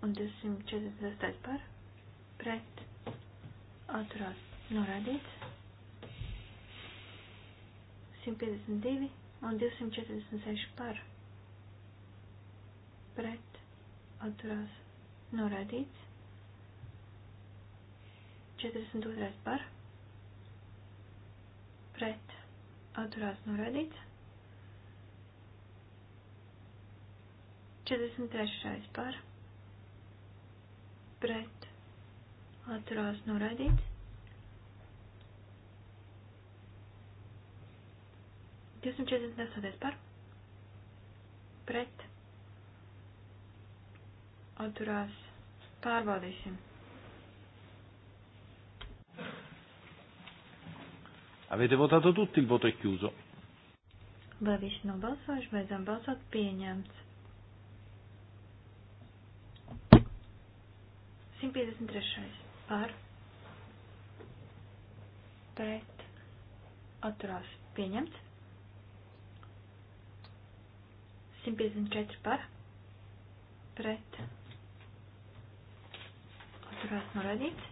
un 248 par pret atturās norādīts. 152 un 246 par pret atturās norādīts. 42 par pret atturās norādīts. 43 par pret pret atturās noraidīts. 248 par pret atturās pārbaudīsim. Avete votato tutti, il voto è chiuso. Vai visi nobalsojuši, beidzam balsot pieņemts. 153. par pret atturās pieņemts. 154 par pret atturās norādīts.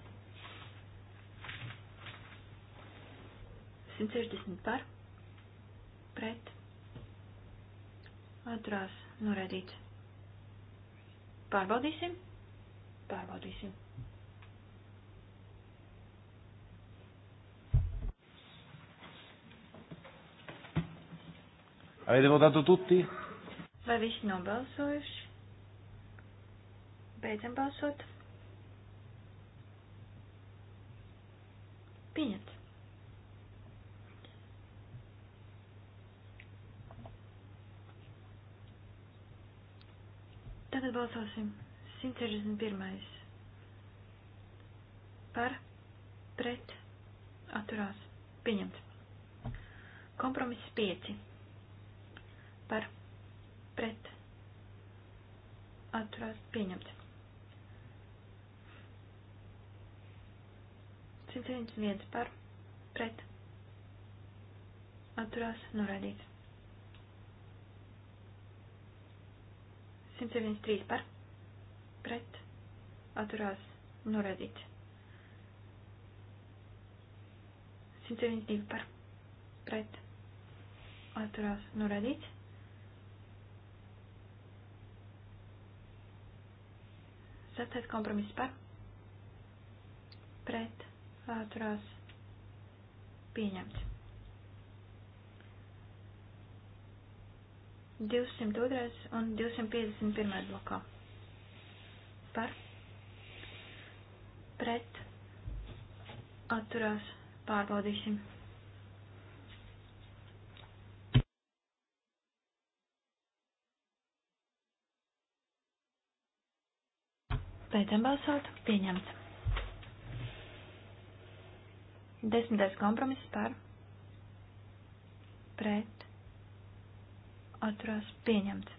160 par pret atturās norādīts. Pārbaudīsim. Pārbaudīsim. Avete votato tutti? Vai visi nobalsojuši? Beidzam balsot. Pieņemt. Tagad balsosim 161. Par, pret, atturās, pieņemts. Kompromiss 5. Par, pret, atturās, pieņemts. 171 par, pret, atturās, norādīts. 173 par, pret pret atturās norādīts. 192 par pret atturās norādīts. 7. kompromiss par pret atturās pieņemts. 202 un 251 blokā par pret atturās pārbaudīsim. Beidzam balsot. Pieņemts. Desmitais kompromiss par. Pret. Atturās. Pieņemts.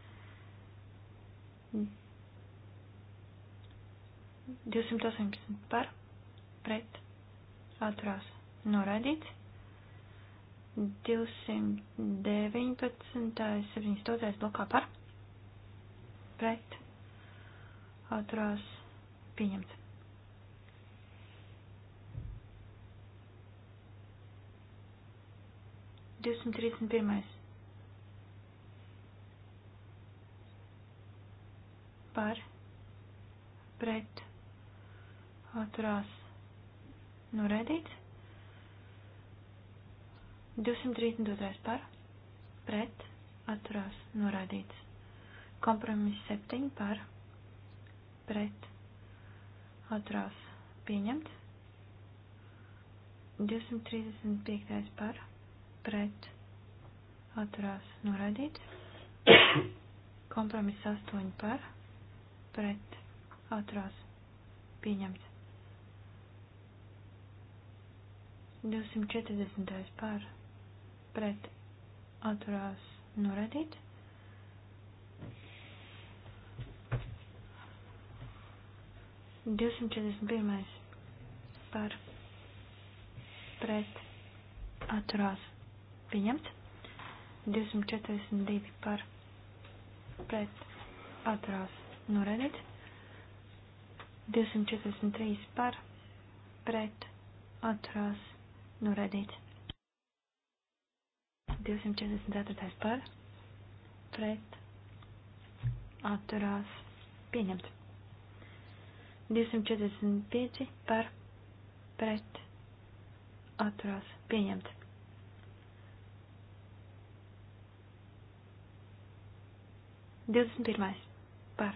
218 par, pret, atturās, noraidīts. 219, 72 blokā par, pret, atturās, pieņemts. Divsimt trīsdesmit pirmais par pret atturās noraidīts. 232. par pret atturās noraidīts. Kompromiss 7 par pret atturās pieņemts. 235. par pret atturās noraidīts. Kompromiss 8 par pret pret atturās pieņemts. 240. par pret atturās norādīt. Divsimt četrdesmit pirmais par pret atturās pieņemts. 242 par pret atturās norādīts. 243 par, pret, atturās, norādīts. 244 par, pret, atturās, pieņemts. 245 par, pret, atturās, pieņemts. 21. par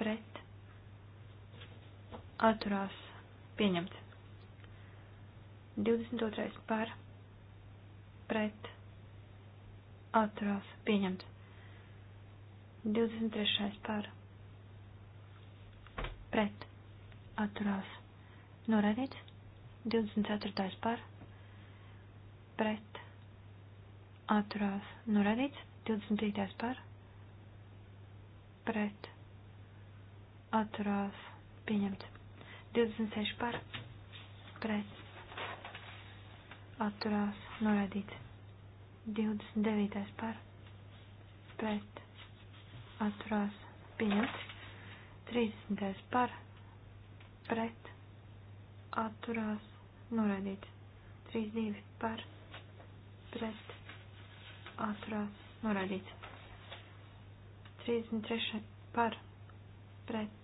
pret atturās pieņemts. 22. par pret atturās pieņemts. 23. par pret atturās norādīts. 24. par pret atturās norādīts. 25. par pret atturās pieņemts. 26 par pret atturās norādīts. 29 par pret atturās pieņemts. 30 par pret atturās norādīts. 32 par pret atturās norādīts. 33 par pret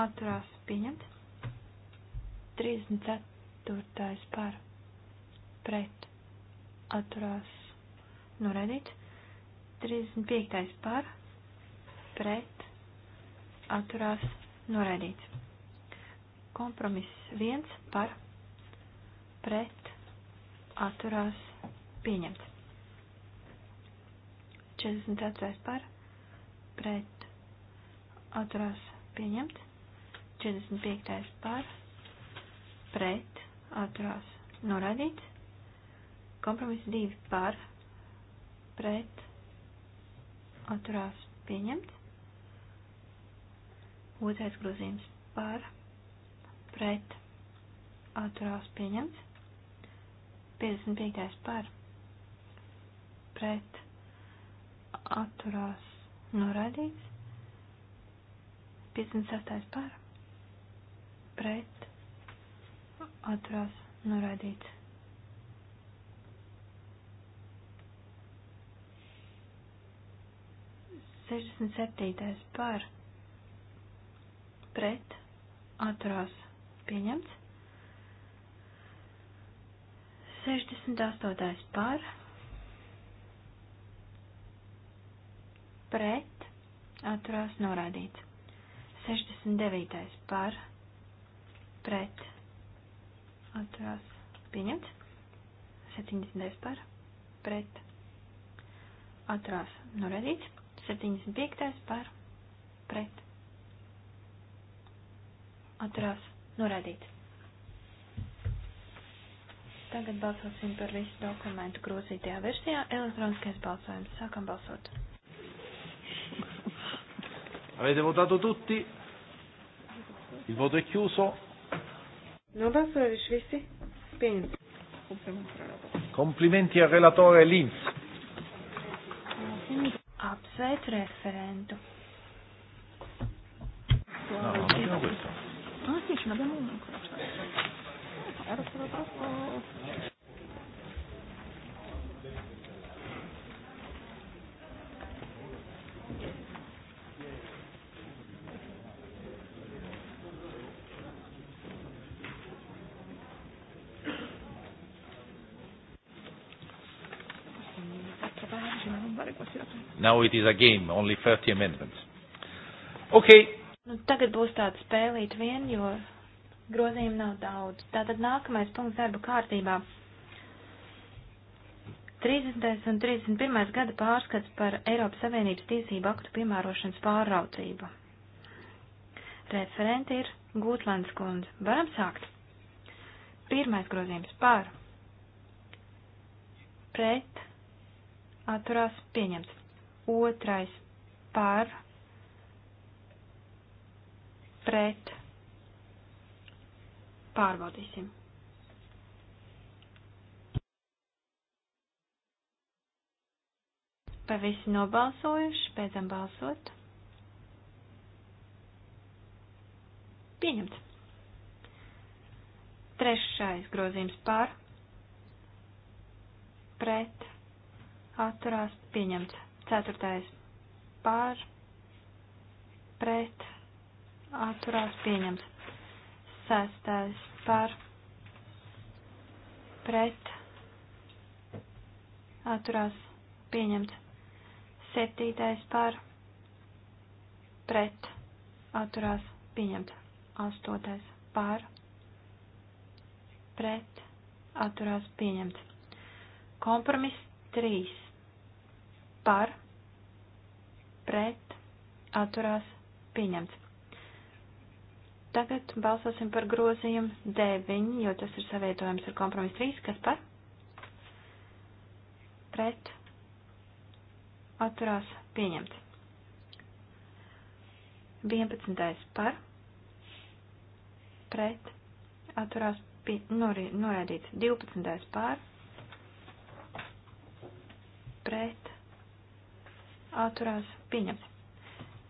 atturās pieņemt. 34. par pret atturās noraidīt. 35. par pret atturās noraidīt. Kompromiss 1 par pret atturās pieņemt. 44. par pret atturās pieņemt. 45. par pret atturās norādīts. Kompromiss 2 par pret atturās pieņemts. Otrais grozījums par pret atturās pieņemts. 55. par pret atturās norādīts. 56. par pret atturās norādīts. Sešdesmit septītais par pret atturās pieņemts. 68. par pret atturās norādīts. 69. par pret pret atturās pieņemts. 79 par pret atturās norādīts. 75 par pret atturās norādīts. Tagad balsosim par visu dokumentu grozītajā versijā. Elektroniskais balsojums. Sākam balsot. Avete votato tutti? Il voto è chiuso. Nobalsojuši visi. Pieņemts. Komplimenti ar relatore Lins. Apsveic referentu. No, no, no, no, no. Now it is a game, only 30 amendments. Okay. Nu, tagad būs tāda spēlīt vien, jo grozījumu nav daudz. Tātad nākamais punkts darba kārtībā. 30. un 31. gada pārskats par Eiropas Savienības tiesību aktu piemērošanas pārraudzību. Referenti ir Gūtlands kundze. Varam sākt. Pirmais grozījums par. Pret. Atturās pieņemts. Otrais par pret pārbaudīsim. Vai visi nobalsojuši, beidzam balsot? Pieņemts. Trešais grozījums pār, pret, atturās, pieņemts. Ceturtais pār, pret, atturās pieņems. Sestais pār, pret, atturās pieņemt. Septītais pār, pret, atturās pieņemt. Astotais pār, pret, atturās pieņemt. Kompromiss trīs par, pret, atturās, pieņemts. Tagad balsosim par grozījumu 9, jo tas ir savietojams ar kompromisu 3, kas par, pret, atturās, pieņemts. 11. par, pret, atturās, pie, norēdīts. 12. par, pret, atturās pieņemts.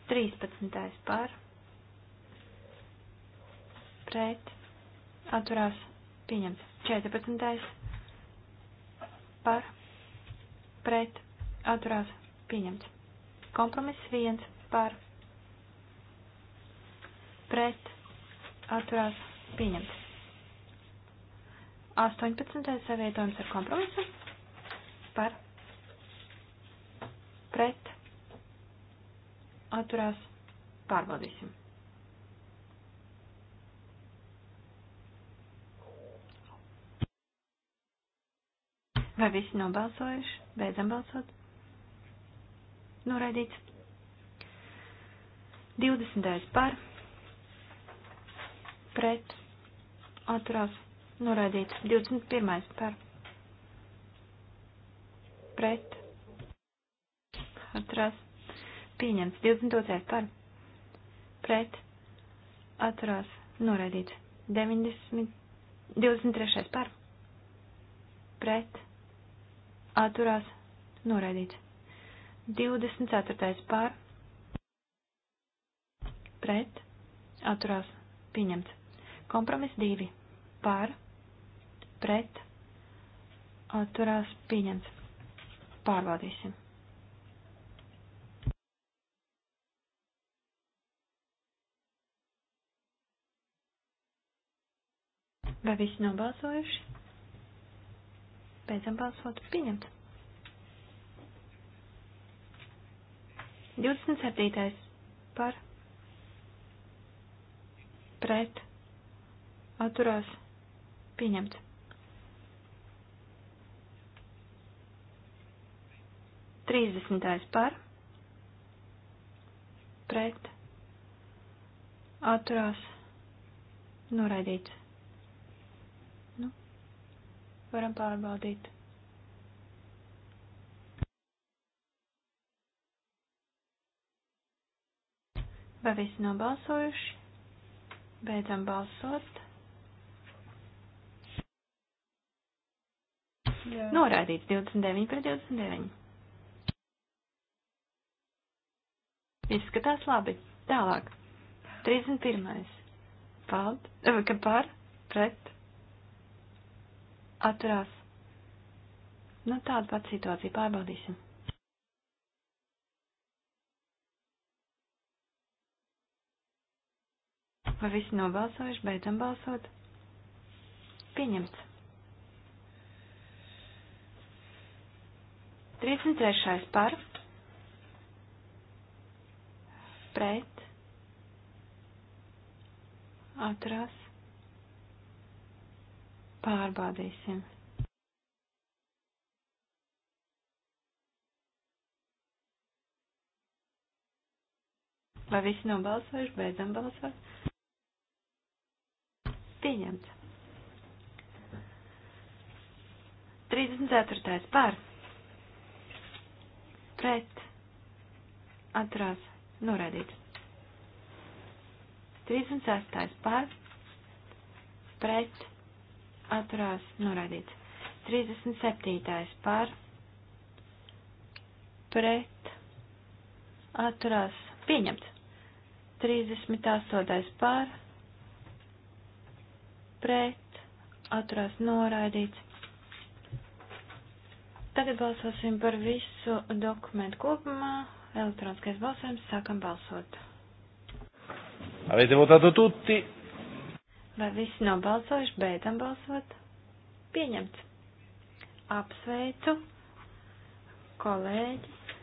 13. par pret atturās pieņemts. 14. par pret atturās pieņemts. Kompromiss 1 par pret atturās pieņemts. 18. savietojums ar kompromisu par pret atturās pārbaudīsim. Vai visi nobalsojuši? Beidzam balsot. Noraidīts. 20. par. Pret. Atturās. Noraidīts. 21. par. Pret. Atturās pieņemts. 22. par pret atturās noraidīts. 90, 23. par pret atturās noraidīts. 24. par pret atturās pieņemts. Kompromiss 2 par pret atturās pieņemts. Pārbaudīsim. Vai visi nobalsojuši? Beidzam balsot. Pieņemt. 27. par pret atturās pieņemt. Trīsdesmitais par pret atturās noraidīts. Varam pārbaudīt. Vai visi nobalsojuši? Beidzam balsot. Jā. Noraidīts 29 pret 29. Izskatās labi. Tālāk. 31. Pald, eh, ka par, pret, atturās. Nu, tāda pati situācija pārbaudīsim. Vai visi nobalsojuši, beidzam balsot? Pieņemts. 33. par. Pret. Atrās. Pārbaudīsim. Vai visi nobalsojuši? Beidzam balsot. Pieņemts. 34. par. Pret. Atturās. Norādīts. 36. par. Pret atturās norādīts. 37. par pret atturās pieņemts. 38. par pret atturās norādīts. Tagad balsosim par visu dokumentu kopumā. Elektroniskais balsojums sākam balsot. Avete votato tutti? Vai visi nobalsojuši? Beidzam balsot. Pieņemts. Apsveicu kolēģis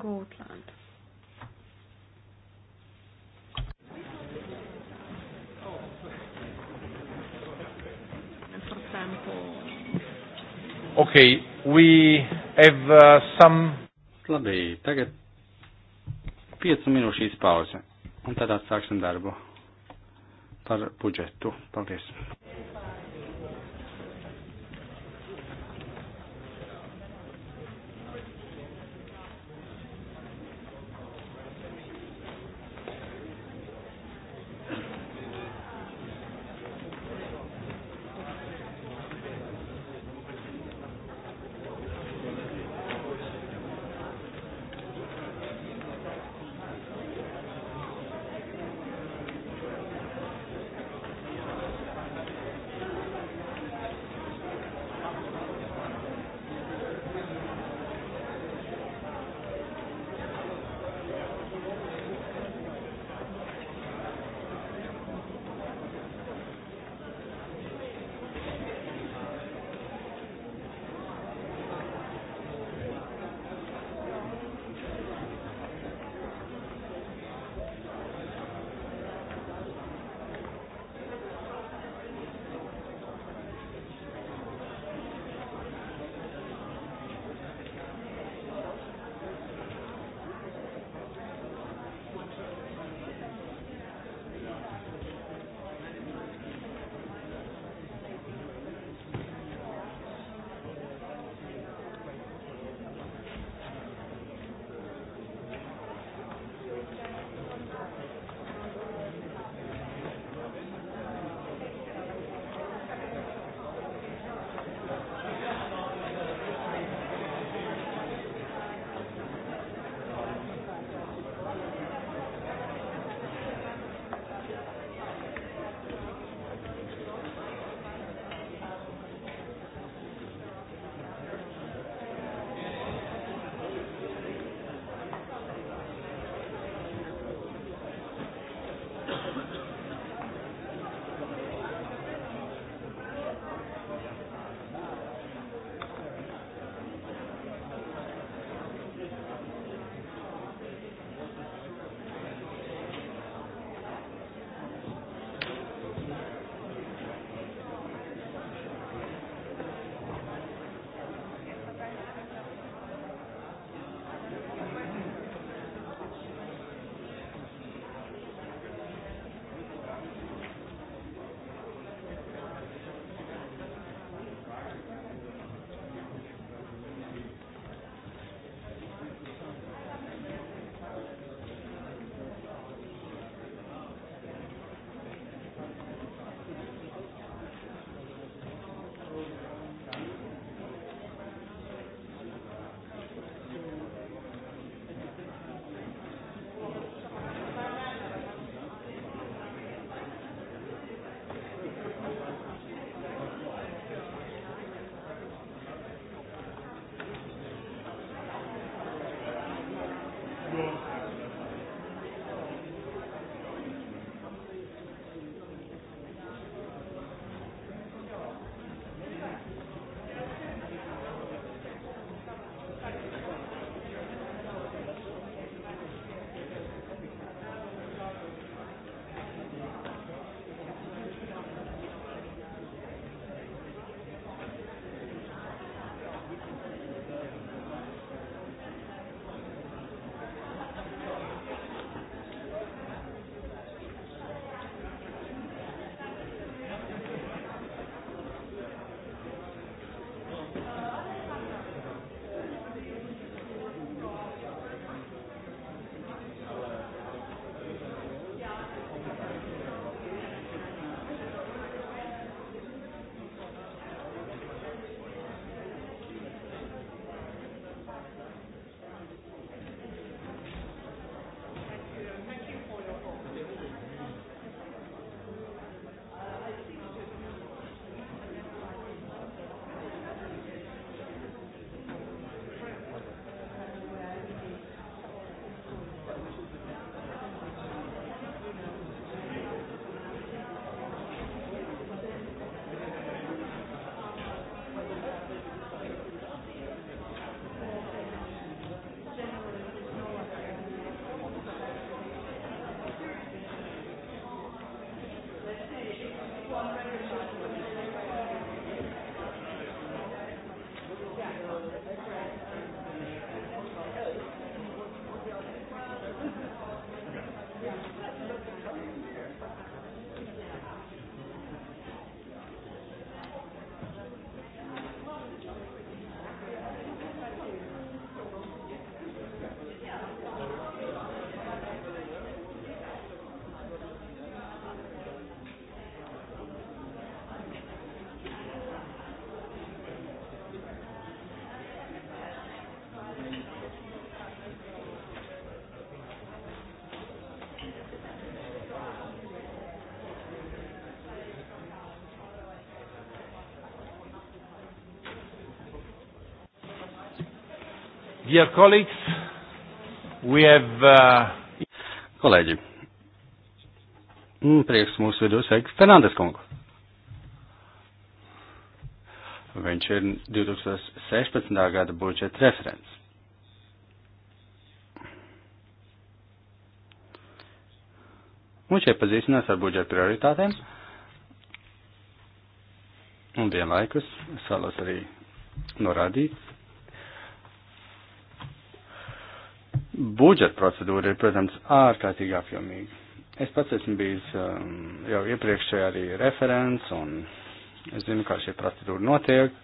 Gūtlandu. Okay, we have uh, some. Labi, tagad 5 minūšu izpauze, un tad atsāksim darbu par budžetu. Paldies! Dear colleagues, we have. Uh... Kolēģi, mm, prieks mūsu vidū sveikt Fernandes kungu. Viņš ir 2016. gada budžeta referents. Viņš iepazīstinās ar budžeta prioritātēm. Un vienlaikus es vēlos arī norādīt, budžeta procedūra ir, protams, ārkārtīgi apjomīga. Es pats esmu bijis um, jau iepriekšējā arī referents, un es zinu, kā šī procedūra notiek.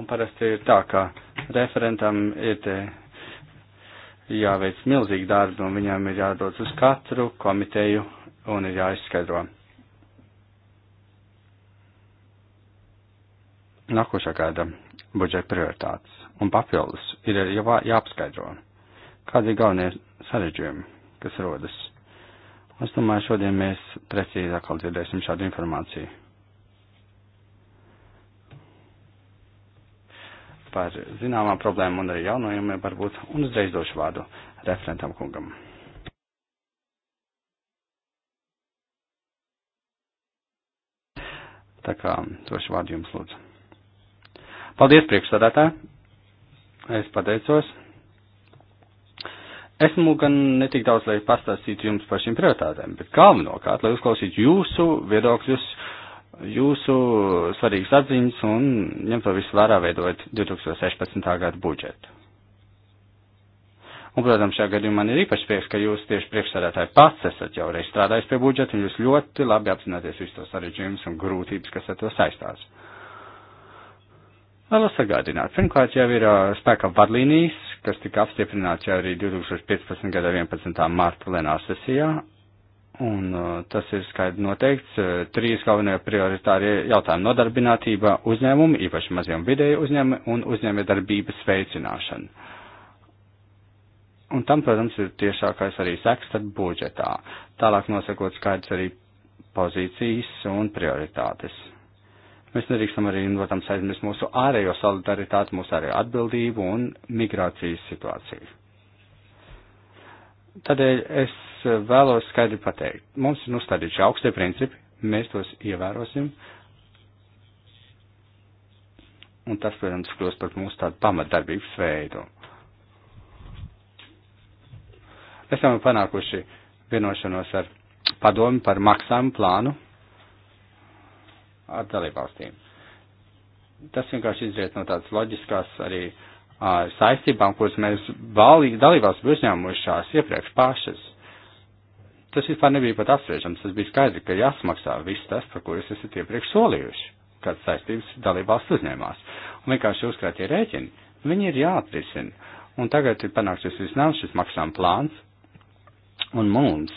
Un parasti ir tā, ka referentam ir te jāveic milzīgi darbi, un viņam ir jādodas uz katru komiteju un ir jāizskaidro. Nākošā gada budžeta prioritātes un papildus ir jau jāapskaidro kādi ir galvenie sarežģījumi, kas rodas. Es domāju, šodien mēs precīzi atkal dzirdēsim šādu informāciju. Par zināmām problēmām un arī jaunojumiem varbūt un uzreiz došu vārdu referentam kungam. Tā kā došu vārdu jums lūdzu. Paldies priekšstādātā. Es pateicos Esmu gan netik daudz, lai pastāstītu jums par šīm prioritātēm, bet galvenokārt, lai uzklausītu jūsu viedokļus, jūsu svarīgas atziņas un ņemt to visu vērā veidojot 2016. gada budžetu. Un, protams, šajā gadījumā man ir īpaši prieks, ka jūs tieši priekšsādātāji pats esat jau reiz strādājis pie budžeta, un jūs ļoti labi apzināties visus tos sarežģījumus un grūtības, kas ar to saistās. Uh, Vēlos sagādināt. Pirmkārt, jau ir uh, spēkā vadlīnijas, kas tika apstiprināts jau arī 2015. gada 11. marta plenā sesijā, un uh, tas ir skaidri noteikts. Uh, trīs galvenie prioritārie jautājumi - nodarbinātība uzņēmumu, īpaši maziem vidēju uzņēmumu un uzņēmē darbības veicināšanu. Un tam, protams, ir tiešākais arī seks tad budžetā. Tālāk nosakot skaidrs arī pozīcijas un prioritātes. Mēs nedrīkstam arī, protams, aizmirst mūsu ārējo solidaritāti, mūsu ārējo atbildību un migrācijas situāciju. Tādēļ es vēlos skaidri pateikt, mums ir nustādīti šie augstie principi, mēs tos ievērosim, un tas, protams, kļūst par mūsu tādu pamatdarbības veidu. Esam panākuši vienošanos ar padomi par maksājumu plānu ar dalībvalstīm. Tas vienkārši izriet no tādas loģiskās arī uh, saistībām, kuras mēs dalībvalsts bija uzņēmušās iepriekš pašas. Tas vispār nebija pat apsvēršams, tas bija skaidri, ka jāsmaksā viss tas, par kuras esat iepriekš solījuši, kādas saistības dalībvalsts uzņēmās. Un vienkārši uzkrātie rēķini, viņi ir jāatrisina. Un tagad ir panākts šis risinājums, šis maksām plāns, un mums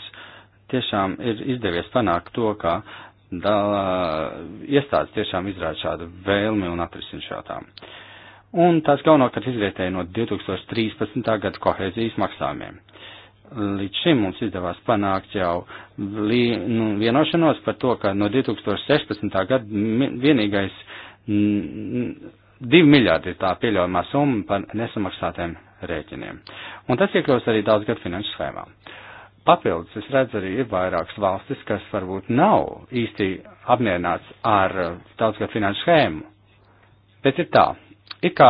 tiešām ir izdevies panākt to, ka da, iestādes tiešām izrāda šādu vēlmi un atrisina šādām. Un tās galvenokārt izrietēja no 2013. gada kohēzijas maksājumiem. Līdz šim mums izdevās panākt jau li, nu, vienošanos par to, ka no 2016. gada vienīgais 2 miljārdi ir tā pieļaujamā summa par nesamaksātiem rēķiniem. Un tas iekļaus arī daudz gadu finanšu schēmām. Uh, Papildus es redzu arī ir vairākas valstis, kas varbūt nav īsti apmierināts ar uh, daudzgad finanšu schēmu. Bet ir tā, ir kā,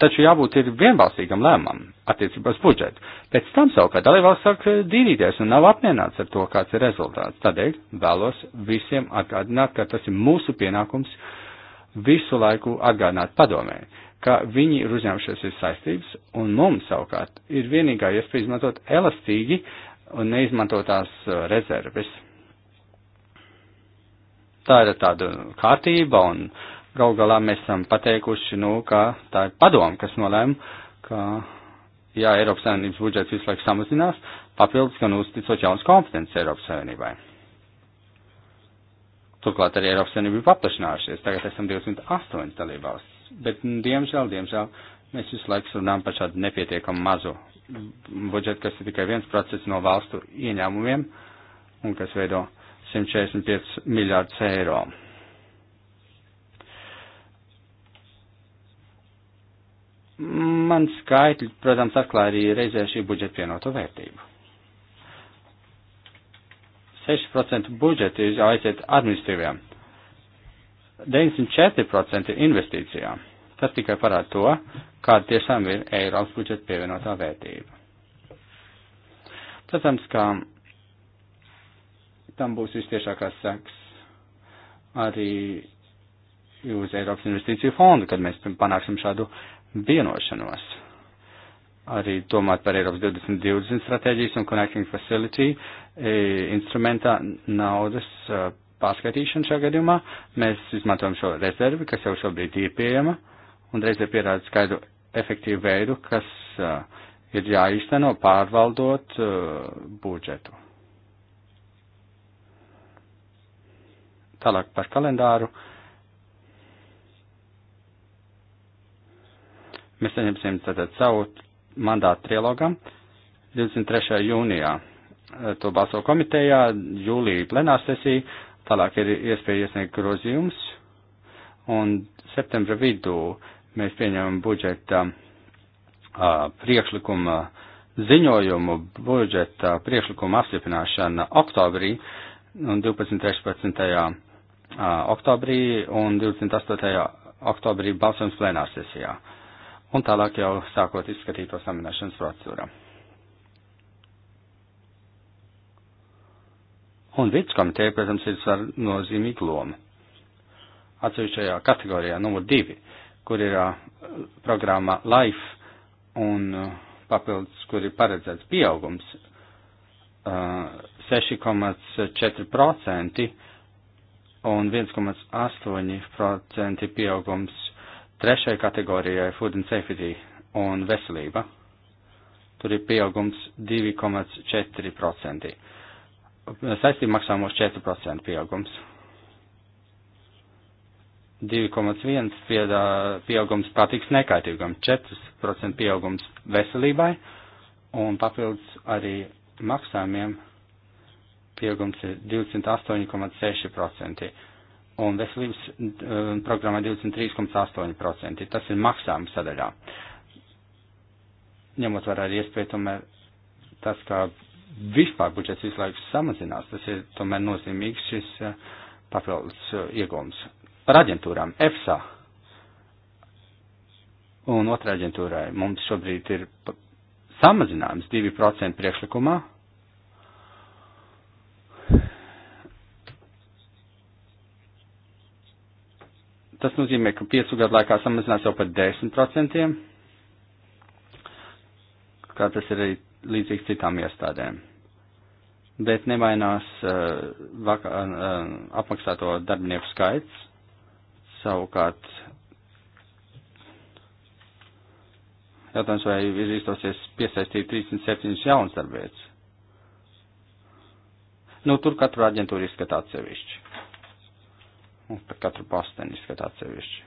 taču jābūt ir vienbalsīgam lēmam attiecībā uz budžetu. Pēc tam savukārt dalībvalsts sāk uh, dīdīties un nav apmierināts ar to, kāds ir rezultāts. Tādēļ vēlos visiem atgādināt, ka tas ir mūsu pienākums visu laiku atgādināt padomē, ka viņi ir uzņēmušies ir saistības, un mums savukārt ir vienīgā iespēja izmantot elastīgi un neizmantotās uh, rezerves. Tā ir tāda kārtība, un galu galā mēs esam pateikuši, nu, ka tā ir padoma, kas nolēma, ka, jā, Eiropas Savienības budžets visu laiku samazinās, papildus gan uzticot jaunas kompetences Eiropas Savienībai. Turklāt arī Eiropas Savienība ir paplašinājušies, tagad esam 28 dalībvalsts bet, nu, diemžēl, diemžēl, mēs visu laiku runājam par šādu nepietiekamu mazu budžetu, kas ir tikai viens procents no valstu ieņēmumiem un kas veido 145 miljārdus eiro. Man skaitļi, protams, atklāja arī reizē šī budžeta pienoto vērtību. 6% budžeta ir jāaiziet administratīviem 94% ir investīcijām. Tas tikai parāda to, kāda tiešām ir Eiropas budžeta pievienotā vērtība. Protams, ka tam būs vistiešākās seks arī uz Eiropas investīciju fondu, kad mēs panāksim šādu vienošanos. Arī domāt par Eiropas 2020 stratēģijas un Connecting Facility e, instrumentā naudas e, pārskaitīšanu šā gadījumā. Mēs izmantojam šo rezervi, kas jau šobrīd ir pieejama, un reizē pierāda skaidru efektīvu veidu, kas uh, ir jāīsteno pārvaldot uh, budžetu. Tālāk par kalendāru. Mēs saņemsim tātad savu mandātu trilogam 23. jūnijā uh, to balso komitejā, jūlija plenārsesija Tālāk ir iespēja iesniegt grozījums, un septembra vidū mēs pieņemam budžeta a, priekšlikuma ziņojumu, budžeta priekšlikuma apstiprināšana oktobrī un 12. 13. A, oktobrī un 28. oktobrī balsojums plenārsesijā. Un tālāk jau sākot izskatīt to samināšanas procedūru. Un vidas komiteja, protams, ir svar nozīmīga loma. Atsevišķajā kategorijā numur divi, kur ir uh, programma LIFE un uh, papildus, kur ir paredzēts pieaugums uh, 6,4% un 1,8% pieaugums trešajai kategorijai Food and Safety un veselība. Tur ir pieaugums 2,4% saistību maksājumos 4% pieaugums. 2,1 pieaugums patiks nekaitīgam, 4% pieaugums veselībai un papildus arī maksājumiem pieaugums ir 208,6% un veselības um, programmā 23,8%. Tas ir maksājuma sadaļā. Ņemot vērā arī iespēju tomēr tas, ka vispār budžets visu laiku samazinās, tas ir tomēr nozīmīgs šis eh, papildus eh, iegūms. Par aģentūrām EFSA un otrā aģentūrai mums šobrīd ir samazinājums 2% priekšlikumā. Tas nozīmē, ka piecu gadu laikā samazinās jau par 10%, kā tas ir arī līdzīgs citām iestādēm. Bet nevainās uh, vaka, uh, apmaksāto darbinieku skaits, savukārt jautājums, vai ir izdosies piesaistīt 37 jaunas darbvietas. Nu, tur katru aģentūru izskatā atsevišķi. Un par katru pasteni izskatā atsevišķi.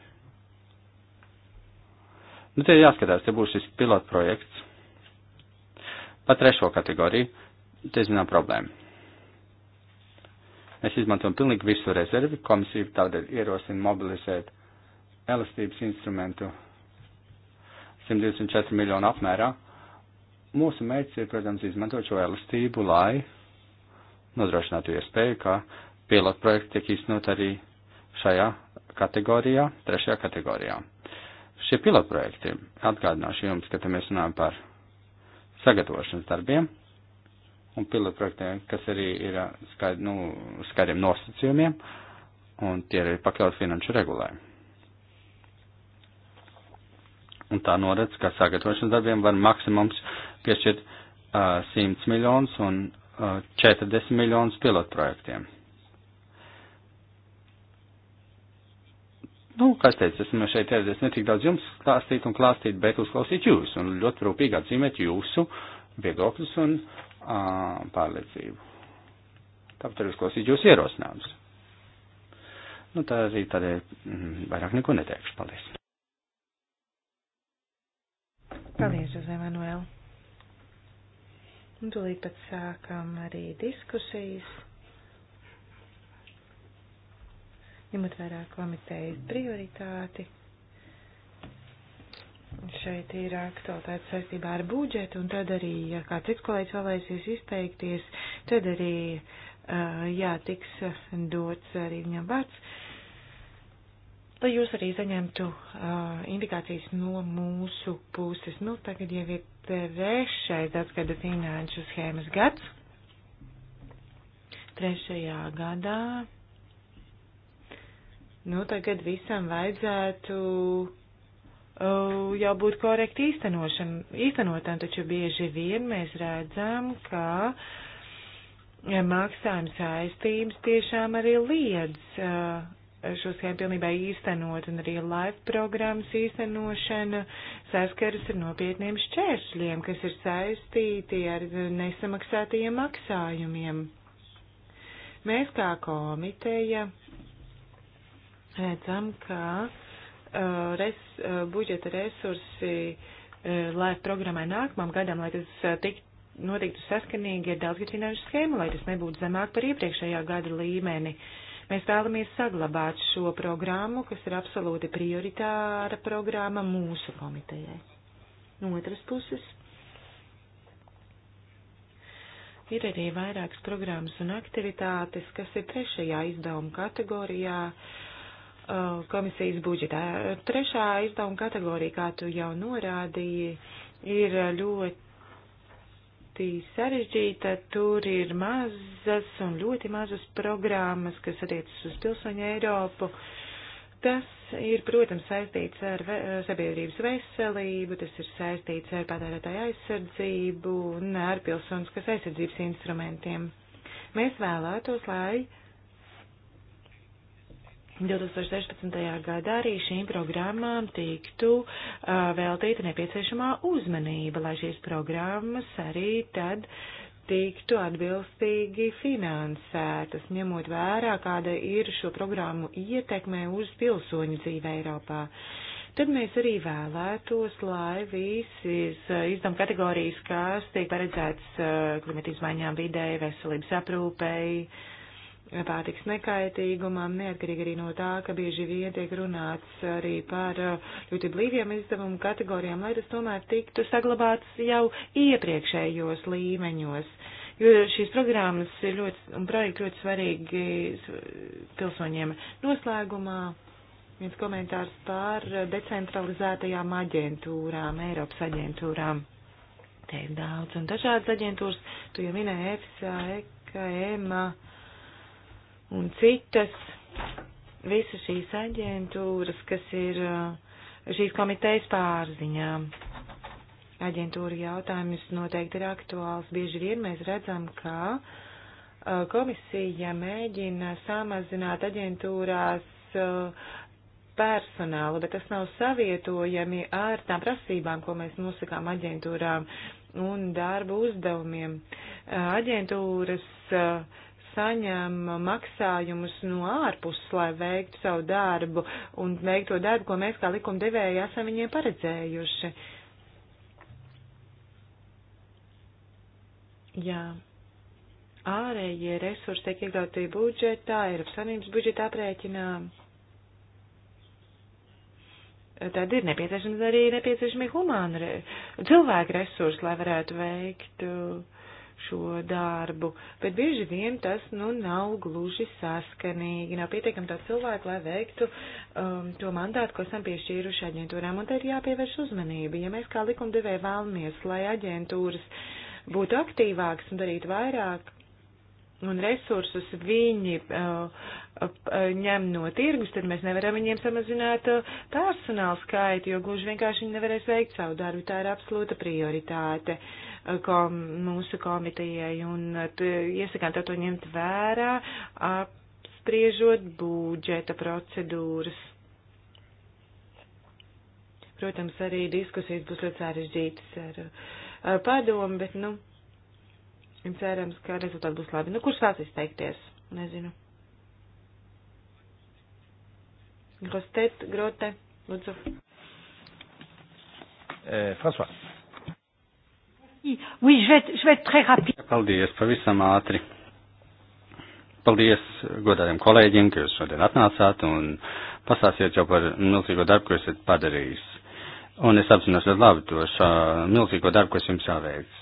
Nu, te ir jāskatās, te būs šis pilotprojekts. Pa trešo kategoriju, te zinām problēmu. Mēs izmantojam pilnīgi visu rezervi, komisija tādēļ ierosina mobilizēt elastības instrumentu 124 miljonu apmērā. Mūsu mērķis ir, protams, izmantot šo elastību, lai nodrošinātu iespēju, ka pilotu projekti tiek iznot arī šajā kategorijā, trešajā kategorijā. Šie pilotprojekti, atgādināšu jums, ka te mēs runājam par sagatavošanas darbiem un pilotprojektiem, kas arī ir skaid, nu, skaidriem nosacījumiem, un tie ir pakļauti finanšu regulē. Un tā noredz, ka sagatavošanas darbiem var maksimums piešķirt uh, 100 miljonus un uh, 40 miljonus pilotprojektiem. Nu, kā es teicu, esmu šeit ieradies ne tik daudz jums klāstīt un klāstīt, bet uzklausīt jūs un ļoti rūpīgi atzīmēt jūsu viedokļus un uh, pārliecību. Tāpat arī uzklausīt jūsu ierosinājumus. Nu, tā arī tādēļ mm, vairāk neko neteikšu. Paldies. Paldies, Jose Manuel. Un tūlīt pat sākam arī diskusijas. ņemot vērā komitejas prioritāti. Šeit ir aktualitāte saistībā ar budžetu, un tad arī, ja kāds cits kolēģis vēlēsies izteikties, tad arī, uh, jā, tiks dots arī viņam vārds, lai jūs arī saņemtu uh, indikācijas no mūsu puses. Nu, tagad jau ir trešais atskaidu finanšu schēmas gads. Trešajā gadā nu tagad visam vajadzētu uh, jau būt korekti īstenotam, taču bieži vien mēs redzam, ka maksājuma saistības tiešām arī liedz uh, šo schēmu pilnībā īstenot, un arī live programmas īstenošana saskaras ar nopietniem šķēršļiem, kas ir saistīti ar nesamaksātajiem maksājumiem. Mēs kā komiteja redzam, ka uh, res, uh, budžeta resursi, uh, lai programmai nākamam gadam, lai tas uh, tik, notiktu saskanīgi ar daudzgadījušu schēmu, lai tas nebūtu zemāk par iepriekšējā gada līmeni. Mēs vēlamies saglabāt šo programmu, kas ir absolūti prioritāra programma mūsu komitejai. No otras puses, ir arī vairākas programmas un aktivitātes, kas ir trešajā izdevuma kategorijā. Uh, Uh, komisijas budžetā. Trešā izdevuma kategorija, kā tu jau norādīji, ir ļoti sarežģīta. Tur ir mazas un ļoti mazas programmas, kas attiecas uz pilsoņu Eiropu. Tas ir, protams, saistīts ar sabiedrības veselību, tas ir saistīts ar patērētāju aizsardzību un ar pilsoniskas aizsardzības instrumentiem. Mēs vēlētos, lai 2016. gadā arī šīm programmām tiktu uh, veltīta nepieciešamā uzmanība, lai šīs programmas arī tad tiktu atbilstīgi finansētas, ņemot vērā, kāda ir šo programmu ietekme uz pilsoņu dzīvē Eiropā. Tad mēs arī vēlētos, lai visas izdevuma kategorijas, kas tiek paredzētas uh, klimatizmaiņām vidē, veselības aprūpēji, uh, pārtiks nekaitīgumam, neatkarīgi arī no tā, ka bieži vien tiek runāts arī par uh, ļoti blīviem izdevumu kategorijām, lai tas tomēr tiktu saglabāts jau iepriekšējos līmeņos. Jo šīs programmas ir ļoti, un projekti ļoti svarīgi pilsoņiem. Noslēgumā viens komentārs par decentralizētajām aģentūrām, Eiropas aģentūrām. Te ir daudz un dažādas aģentūras, tu jau minēji EFSA, EKA, e EMA un citas, visas šīs aģentūras, kas ir uh, šīs komitejas pārziņā. Aģentūra jautājums noteikti ir aktuāls. Bieži vien mēs redzam, ka uh, komisija mēģina samazināt aģentūrās uh, personālu, bet tas nav savietojami ar tām prasībām, ko mēs nosakām aģentūrām un darba uzdevumiem. Aģentūras uh, saņem maksājumus no ārpuses, lai veiktu savu darbu un veiktu to darbu, ko mēs kā likumdevēji esam viņiem paredzējuši. Jā. Ārējie resursi tiek iekļauti budžetā, Eiropas Savienības budžeta aprēķinā. Tad ir nepieciešams arī nepieciešami humāni re cilvēku resursi, lai varētu veikt uh, šo darbu, bet bieži vien tas nu nav gluži saskanīgi, nav pietiekami daudz cilvēku, lai veiktu um, to mandātu, ko esam piešķīruši aģentūrām, un te ir jāpievērš uzmanība. Ja mēs kā likumdevēja vēlamies, lai aģentūras būtu aktīvāks un darītu vairāk, un resursus viņi uh, uh, ņem no tirgus, tad mēs nevaram viņiem samazināt uh, personāla skaitu, jo gluži vienkārši viņi nevarēs veikt savu darbu. Tā ir absolūta prioritāte. Uh, kom, mūsu komitejai un iesakām to ņemt vērā, apspriežot budžeta procedūras. Protams, arī diskusijas būs ļoti sarežģītas ar, ar padomu, bet, nu, cerams, ka rezultāti būs labi. Nu, kurš sāks izteikties? Nezinu. Grostet, Grote, Lūdzu. Eh, François. Oui, je vais, je vais être très rapide. Paldies, pavisam ātri. Paldies godādiem kolēģiem, ka jūs šodien atnācāt un pasāsiet jau par milzīgo darbu, ko esat padarījis. Un es apzinos ļoti labi to šā milzīgo darbu, kas jums jāveic.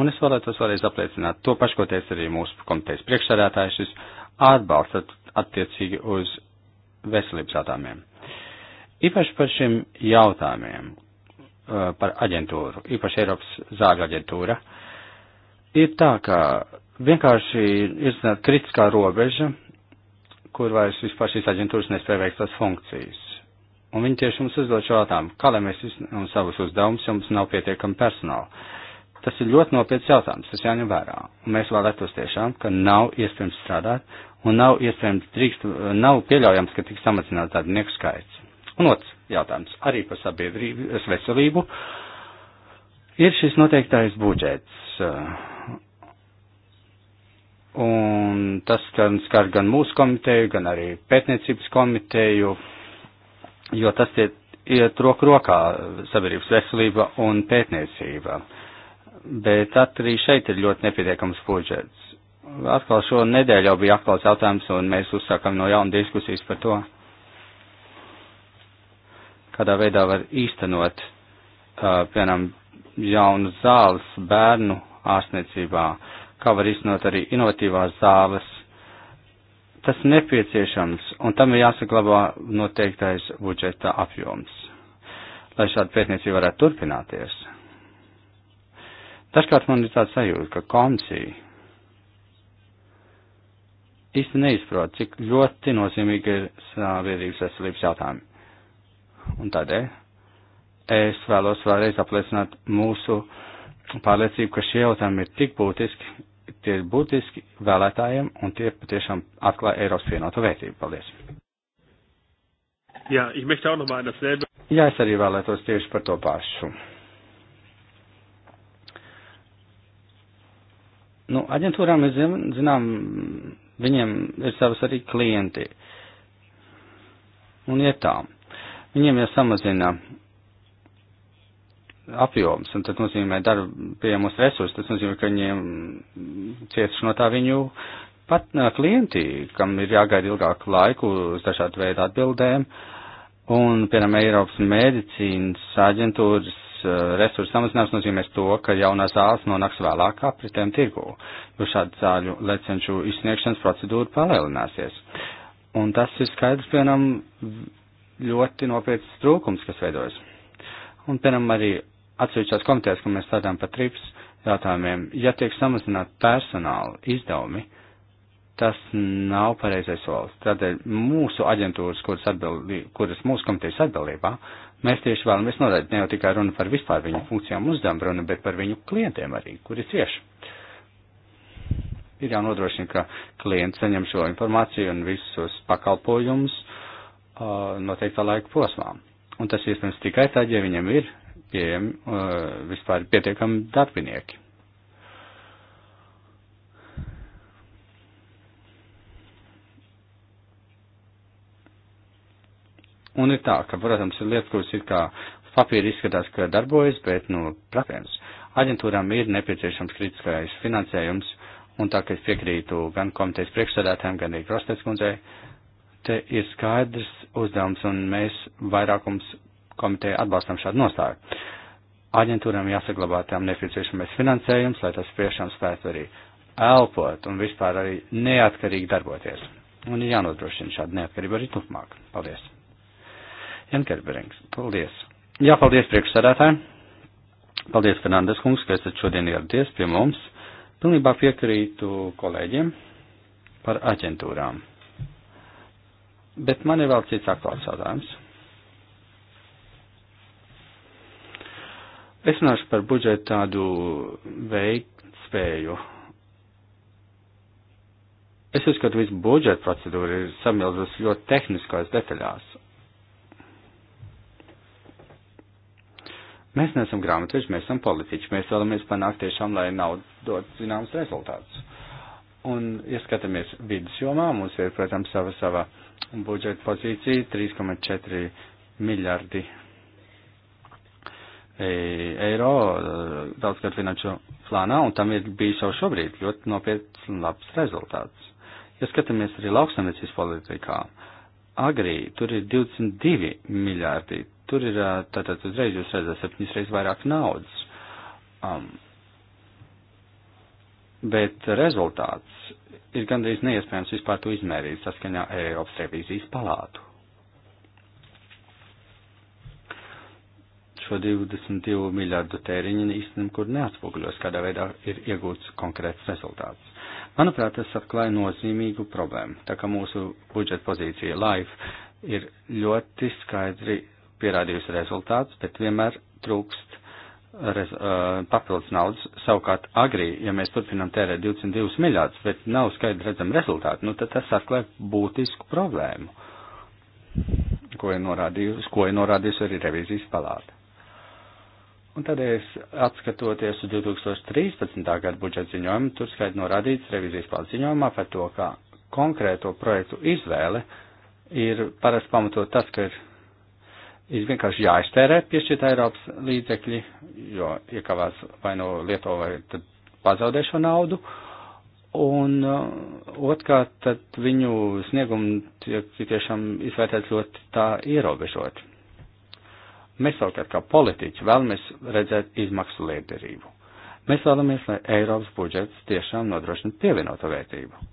Un es vēlētos vēlreiz apliecināt to pašu, ko teica arī mūsu komitejas priekšsēdētājs, šis atbalsts attiecīgi uz veselības jautājumiem. Īpaši par šiem jautājumiem, Uh, par aģentūru, īpaši Eiropas zāļu aģentūra. Ir tā, ka vienkārši ir zināt, kritiskā robeža, kur vairs vispār šīs aģentūras nespēja veikt tās funkcijas. Un viņi tieši mums uzdod šo jautājumu, kā lai mēs izņemam savus uzdevumus, ja mums nav pietiekami personāla. Tas ir ļoti nopietns jautājums, tas jāņem vērā. Un mēs vēlētos tiešām, ka nav iespējams strādāt un nav iespējams drīkst, nav pieļaujams, ka tiks samazināts darbinieku skaits. Un otrs, jautājums arī par sabiedrības veselību. Ir šis noteiktais budžets. Un tas gan skar gan mūsu komiteju, gan arī pētniecības komiteju, jo tas iet, iet roku rokā sabiedrības veselība un pētniecība. Bet arī šeit ir ļoti nepietiekams budžets. Atkal šo nedēļu jau bija aktuāls jautājums, un mēs uzsākam no jauna diskusijas par to kādā veidā var īstenot, uh, piemēram, jaunu zāles bērnu ārstniecībā, kā var īstenot arī inovatīvās zāles. Tas nepieciešams, un tam ir jāsaglabā noteiktais budžeta apjoms, lai šāda pētniecība varētu turpināties. Dažkārt man ir tāds sajūta, ka komisija īsti neizprot, cik ļoti nozīmīgi ir sabiedrības veselības jautājumi. Un tādēļ es vēlos vēlreiz apliecināt mūsu pārliecību, ka šie jautājumi ir tik būtiski, tie ir būtiski vēlētājiem un tie patiešām atklāja Eiropas vienotu vērtību. Paldies! Jā, ich möchte auch nochmal an dasselbe. Jā, es arī vēlētos tieši par to pašu. Nu, aģentūrām ir, zin, zinām, viņiem ir savas arī klienti. Un ietām. Ja Viņiem jāsamazina apjoms, un tas nozīmē darba pieejamos resursus, tas nozīmē, ka viņiem cieš no tā viņu pat klienti, kam ir jāgaida ilgāku laiku uz dažādu veidu atbildēm, un, piemēram, Eiropas medicīnas aģentūras resursu samazinājums nozīmēs to, ka jaunās zāles nonāks vēlāk apritēm tirgū, jo šādu zāļu licenču izsniegšanas procedūra palielināsies. Un tas ir skaidrs, piemēram, ļoti nopietns trūkums, kas veidojas. Un, piemēram, arī atsevišķās komitejās, kur mēs strādājam par trips jautājumiem, ja tiek samazināt personāla izdevumi, tas nav pareizais solis. Tādēļ mūsu aģentūras, kuras, atbildī, kuras mūsu komitejas atbildībā, mēs tieši vēlamies norādīt ne jau tikai runu par vispār viņu funkcijām uzdevumu runu, bet par viņu klientiem arī, kuri cieši. Ir jānodrošina, ka klients saņem šo informāciju un visus pakalpojumus, Uh, noteiktā laika posmā. Un tas iespējams tikai tad, ja viņam ir pieejami uh, vispār pietiekami darbinieki. Un ir tā, ka, protams, ir lietas, kuras ir kā papīri izskatās, ka darbojas, bet, nu, protams, aģentūrām ir nepieciešams kritiskais finansējums, un tā, ka es piekrītu gan komitejas priekšsēdētājiem, gan arī Krostets kundzei, uh, Te ir skaidrs uzdevums, un mēs vairākums komiteja atbalstam šādu nostāju. Aģentūram jāsaglabā tām nepieciešamais finansējums, lai tas priekšām spētu arī elpot un vispār arī neatkarīgi darboties. Un ir jānodrošina šāda neatkarība arī turpmāk. Paldies. Jankerberings, paldies. Jā, paldies priekšsādātājiem. Paldies, Fernandes kungs, ka esat šodien ieradies pie mums. Pilnībā piekrītu kolēģiem par aģentūrām. Bet man ir vēl cits aktuāls jautājums. Es runāšu par budžetu tādu veiktspēju. Es uzskatu, visu budžetu procedūru ir samilzus ļoti tehniskās detaļās. Mēs neesam grāmatveži, mēs esam politiķi. Mēs vēlamies panākt tiešām, lai nauda dod zināms rezultāts. Uh, Un, ja skatāmies vidas jomā, mums ir, protams, sava sava budžeta pozīcija 3,4 miljardi e, eiro e, daudzgad finanšu plānā, un tam ir bijis jau šobrīd ļoti nopietns un labs rezultāts. Ja skatāmies arī lauksamniecības politikā, agrī tur ir 22 miljārdi, tur ir e, tātad uzreiz jūs redzat septiņas reizes vairāk naudas. Um, bet rezultāts ir gandrīz neiespējams vispār to izmērīt saskaņā Eiropas revīzijas palātu. Šo 22 miljardu tēriņu īstenībā kur neatspoguļos, kādā veidā ir iegūts konkrēts rezultāts. Manuprāt, tas atklāja nozīmīgu problēmu, tā kā mūsu budžeta pozīcija LIFE ir ļoti skaidri pierādījusi rezultāts, bet vienmēr trūkst rez, uh, papildus naudas. Savukārt agrī, ja mēs turpinām tērēt 22 miljārdus, bet nav skaidri redzam rezultātu, nu tad tas atklāja būtisku problēmu, ko ir norādījusi, ko ir norādījusi arī revīzijas palāta. Un tad, es atskatoties uz 2013. gada budžeta ziņojumu, tur skaidri norādīts revīzijas palāta ziņojumā par to, kā konkrēto projektu izvēle ir parasti pamatot tas, ka ir ir vienkārši jāiztērē piešķirta Eiropas līdzekļi, jo iekavās vai no nu Lietuva vai tad pazaudē šo naudu. Un uh, otrkārt, tad viņu sniegumu tiek tiešām izvērtēts ļoti tā ierobežot. Mēs savukārt kā politiķi vēlamies redzēt izmaksu liederību. Mēs vēlamies, lai Eiropas budžets tiešām nodrošina pievienoto vērtību.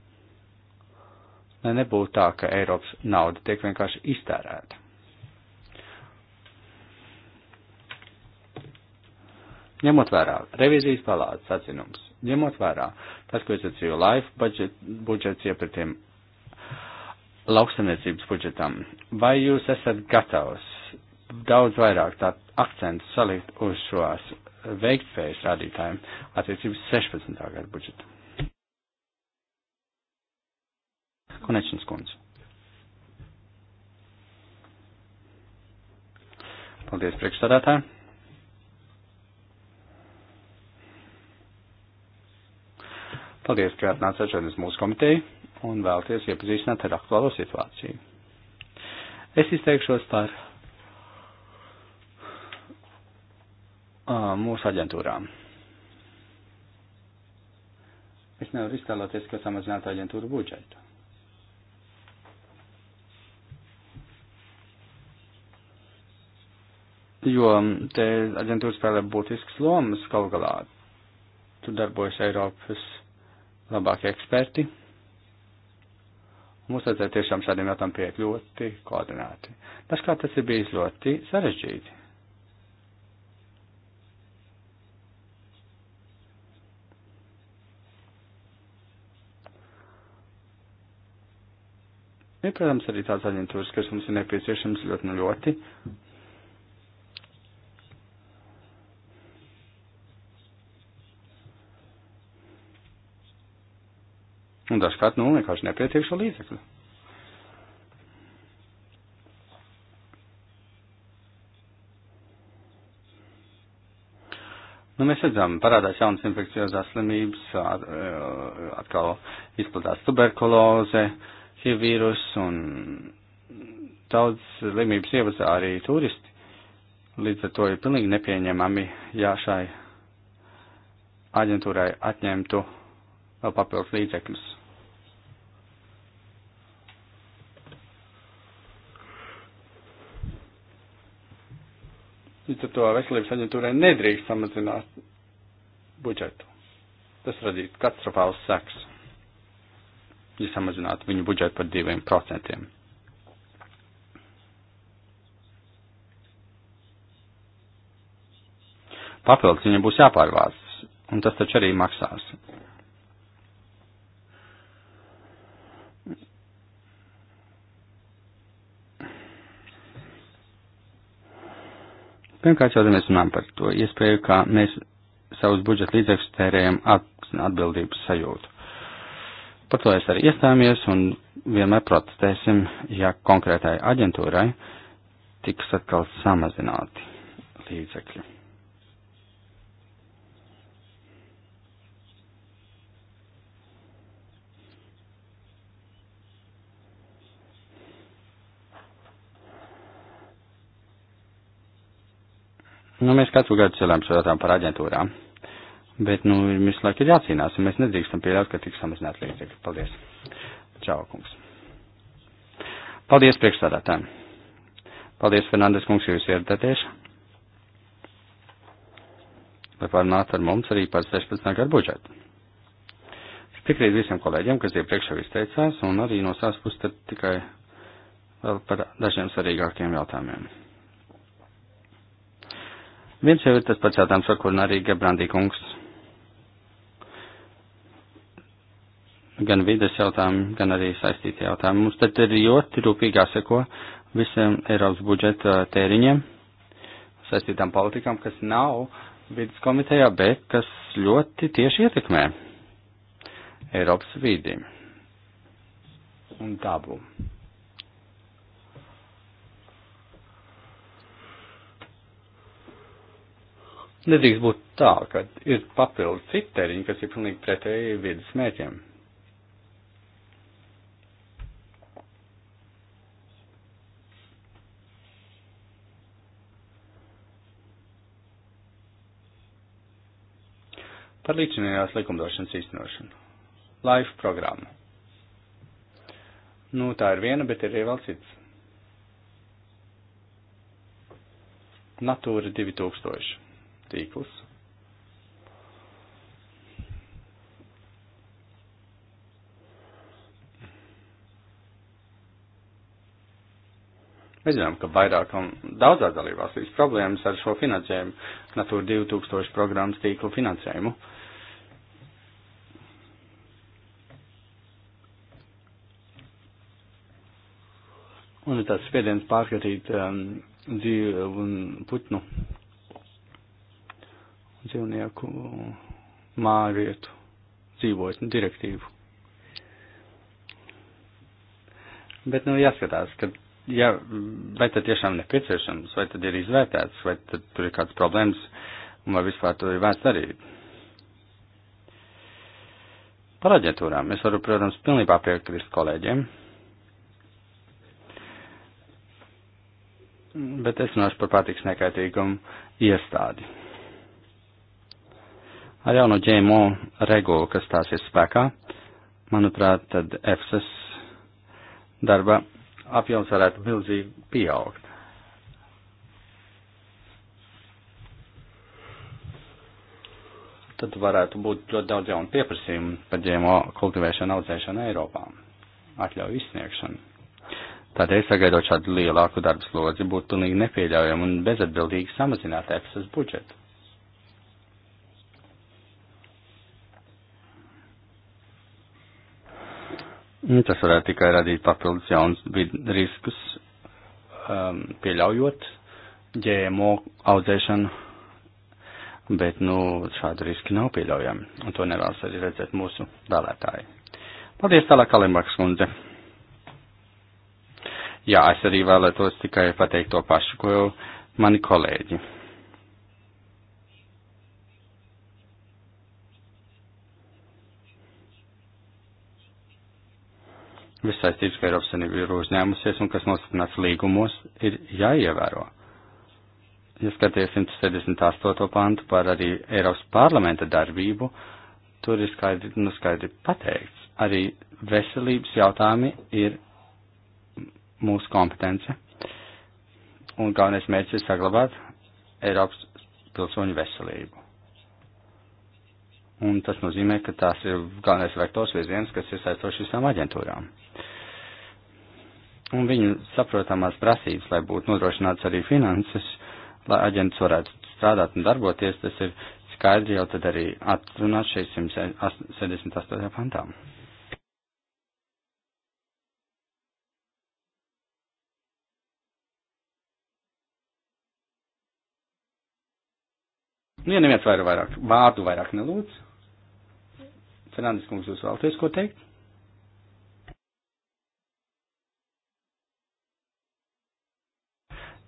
Lai nebūtu tā, ka Eiropas nauda tiek vienkārši iztērēta. Ņemot vērā revizijas palātas atzinums, ņemot vērā tas, ko es atsīju laifu budžet, budžets iepratiem lauksaimniecības budžetam, vai jūs esat gatavs daudz vairāk tā akcentu salikt uz šos veiktspējas rādītājiem attiecības 16. gada budžetu? Konečins kundze. Paldies priekšstādātājiem. Paldies, ka atnācāt šodien uz mūsu komiteju un vēlties iepazīstināt ar aktuālo situāciju. Es izteikšos par uh, mūsu aģentūrām. Es nevaru iztēloties, ka samazinātu aģentūru budžetu. Jo te aģentūra spēlē būtisks lomas galu galā. Tur darbojas Eiropas labākie eksperti. Mums vajadzētu tiešām šādiem jautājumiem pieiet ļoti koordinēti. Dažkārt tas ir bijis ļoti sarežģīti. Ir, protams, arī tāds aģentūras, kas mums ir nepieciešams ļoti, nu ļoti, Un nu, dažkārt, nu, vienkārši nepietiek šo līdzekļu. Nu, mēs redzam, parādās jaunas infekciozās slimības, eh, atkal izplatās tuberkuloze, HIV vīrus un daudz slimības ievazā arī turisti. Līdz ar to ir pilnīgi nepieņemami, ja šai aģentūrai atņemtu vēl papildus līdzekļus. Līdz ar to veselības aģentūrai nedrīkst samazināt budžetu. Tas radītu katastrofāls seks, ja samazinātu viņu budžetu par diviem procentiem. Papildus viņam būs jāpārvāc, un tas taču arī maksās. Pirmkārt, jau mēs runājam par to iespēju, kā mēs savus budžeta līdzekļus tērējam atbildības sajūtu. Par to es arī iestājāmies un vienmēr protestēsim, ja konkrētai aģentūrai tiks atkal samazināti līdzekļi. Nu, mēs katru gadu celām šo jautājumu par aģentūrām, bet, nu, visu laiku ir jācīnās, un mēs nedrīkstam pieļaut, ka tiks samazināt līdzekļi. Paldies. Čau, kungs. Paldies priekšstādātājiem. Paldies, Fernandes kungs, jūs ieradāties. Lai pārnāt ar mums arī par 16. gadu budžetu. Es piekrītu visiem kolēģiem, kas iepriekš jau izteicās, un arī no savas puses tikai vēl par dažiem svarīgākiem jautājumiem. Viens jau ir tas pats jautājums, par kuru arī Gebrandī kungs. Gan vides jautājumi, gan arī saistīti jautājumi. Mums tad ir ļoti rūpīgā seko visiem Eiropas budžeta tēriņiem, saistītām politikām, kas nav vidas komitejā, bet kas ļoti tieši ietekmē Eiropas vīdi un dabu. Nedrīkst būt tā, ka ir papildu citēriņi, kas ir pilnīgi pretēji vidas mērķiem. Par līdzinājās likumdošanas īstenošanu. Life programma. Nu, tā ir viena, bet ir arī vēl cits. Natūra 2000 tīklus. Mēs zinām, ka vairākam daudzās dalībvalstīs problēmas ar šo finansējumu, Natūra 2000 programmas tīklu finansējumu. Un ir tas spiediens pārskatīt um, dzīvu un putnu dzīvnieku mājvietu dzīvotņu direktīvu. Bet, nu, jāskatās, ka, ja, vai tad tiešām nepieciešams, vai tad ir izvērtēts, vai tad tur ir kāds problēmas, un vai vispār to ir vērts darīt. Par aģentūrām es varu, protams, pilnībā piekrist kolēģiem. Bet es runāšu par patīks nekaitīgumu iestādi. Ar jauno ģēmo regulu, kas tās ir spēkā, manuprāt, tad EFSAS darba apjoms varētu milzīgi pieaugt. Tad varētu būt ļoti daudz jaunu pieprasījumu par ģēmo kultivēšanu, audzēšanu Eiropā, atļauju izsniegšanu. Tādēļ sagaidot šādu lielāku darbu slodzi būtu pilnīgi nepieļaujami un bezatbildīgi samazināt EFSAS budžetu. Nu, tas varētu tikai radīt papildus jaunus riskus, um, pieļaujot ģēmo audzēšanu, bet, nu, šādi riski nav pieļaujami, un to nevēlas arī redzēt mūsu vēlētāji. Paldies tālāk, Kalimbaks kundze. Jā, es arī vēlētos tikai pateikt to pašu, ko jau mani kolēģi. Visas saistības, ka Eiropas Savienība ir uzņēmusies un kas nostiprināts līgumos, ir jāievēro. Ja skaties 178. pantu par arī Eiropas parlamenta darbību, tur ir skaidri, nu skaidri pateikts, arī veselības jautājumi ir mūsu kompetence, un galvenais mērķis ir saglabāt Eiropas pilsoņu veselību. Un tas nozīmē, ka tās ir galvenais vektors virziens, kas ir saistošs visām aģentūrām un viņu saprotamās prasības, lai būtu nodrošināts arī finanses, lai aģents varētu strādāt un darboties, tas ir skaidri jau tad arī atrunāts 678. pantā. Nu, ja neviens vairāk, vairāk vārdu vairāk nelūdz, Fernandes kungs, jūs vēlaties ko teikt?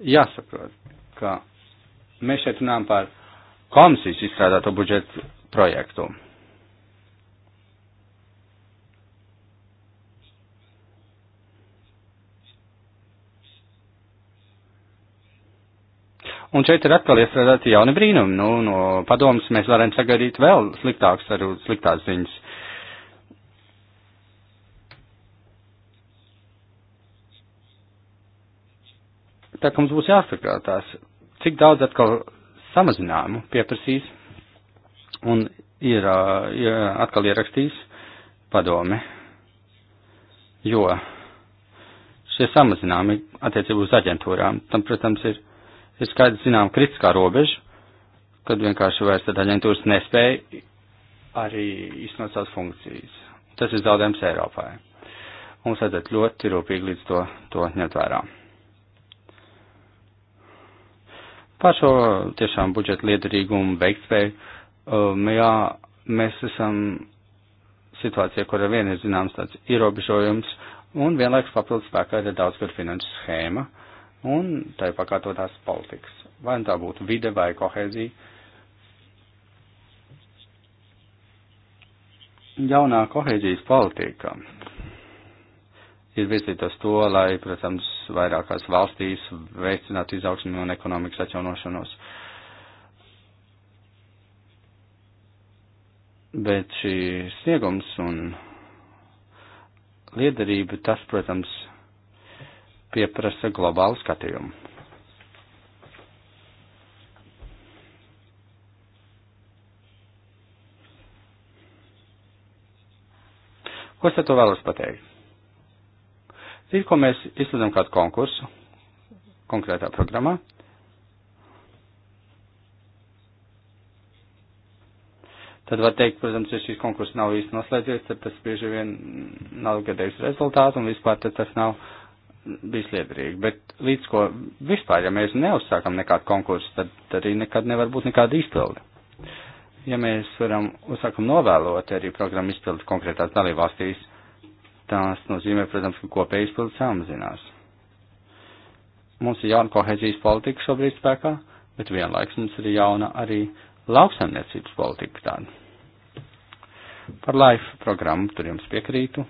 jāsaprot, ka mēs šeit runājam par komisijas izstrādāto budžetu projektu. Un šeit ir atkal iestrādāti jauni brīnumi. Nu, no padomas mēs varam sagaidīt vēl sliktāks, arī sliktās ziņas. tā ka mums būs jāsakā tās, cik daudz atkal samazinājumu pieprasīs un ir jā, atkal ierakstīs padome, jo šie samazinājumi attiecībā uz aģentūrām, tam, protams, ir, ir skaidrs, zinām, kritiskā robeža, kad vienkārši vairs tad aģentūras nespēja arī iznot savas funkcijas. Tas ir zaudējums Eiropai. Mums vajadzētu ļoti rūpīgi līdz to, to ņemt vērā. Pār šo tiešām budžeta liederīgumu veiktspēju um, jā, mēs esam situācijā, kur ar vienu ir zināms tāds ierobežojums, un vienlaikus papildus spēkā ir daudzgad finanšu schēma, un tā ir pakārtotās politikas. Vai nu tā būtu vide vai kohēzija. Jaunā kohēzijas politika ir virzīta uz to, lai, protams, vairākās valstīs veicināt izaugsmi un ekonomikas atjaunošanos. Bet šī sniegums un liederība, tas, protams, pieprasa globālu skatījumu. Ko es ar to vēlos pateikt? Tikko mēs izsludinām kādu konkursu konkrētā programmā, tad var teikt, protams, ja šīs konkurss nav īsti noslēdzies, tad tas bieži vien nav gadējis rezultātu un vispār tad tas nav bijis liederīgi. Bet līdz ko vispār, ja mēs neuzsākam nekādu konkursu, tad arī nekad nevar būt nekāda izpilde. Ja mēs varam uzsākam novēlot arī programmu izpildi konkrētās dalībvalstīs, tās nozīmē, protams, ka kopēja izpildes samazinās. Mums ir jauna kohezijas politika šobrīd spēkā, bet vienlaiks mums ir jauna arī lauksaimniecības politika tāda. Par LIFE programmu tur jums piekrītu.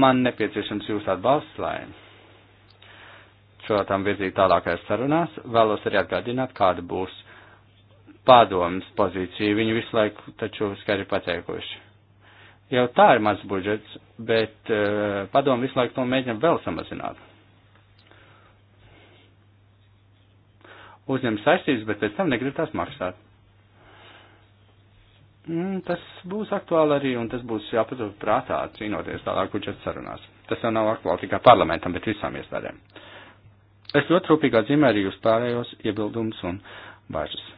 Man nepieciešams jūs atbalsts, lai šo tam virzīt tālākais sarunās. Vēlos arī atgādināt, kāda būs padomas pozīcija. Viņi visu laiku taču skaidri pateikuši Jau tā ir mans budžets, bet uh, padomu visu laiku to mēģinam vēl samazināt. Uzņem saistības, bet pēc tam negrib tās maksāt. Mm, tas būs aktuāli arī, un tas būs jāpatur prātā, cīnoties tālāk budžeta sarunās. Tas jau nav aktuāli tikai parlamentam, bet visām iestādēm. Es ļoti rūpīgi atzīmēju arī jūs pārējos iebildumus un bažas.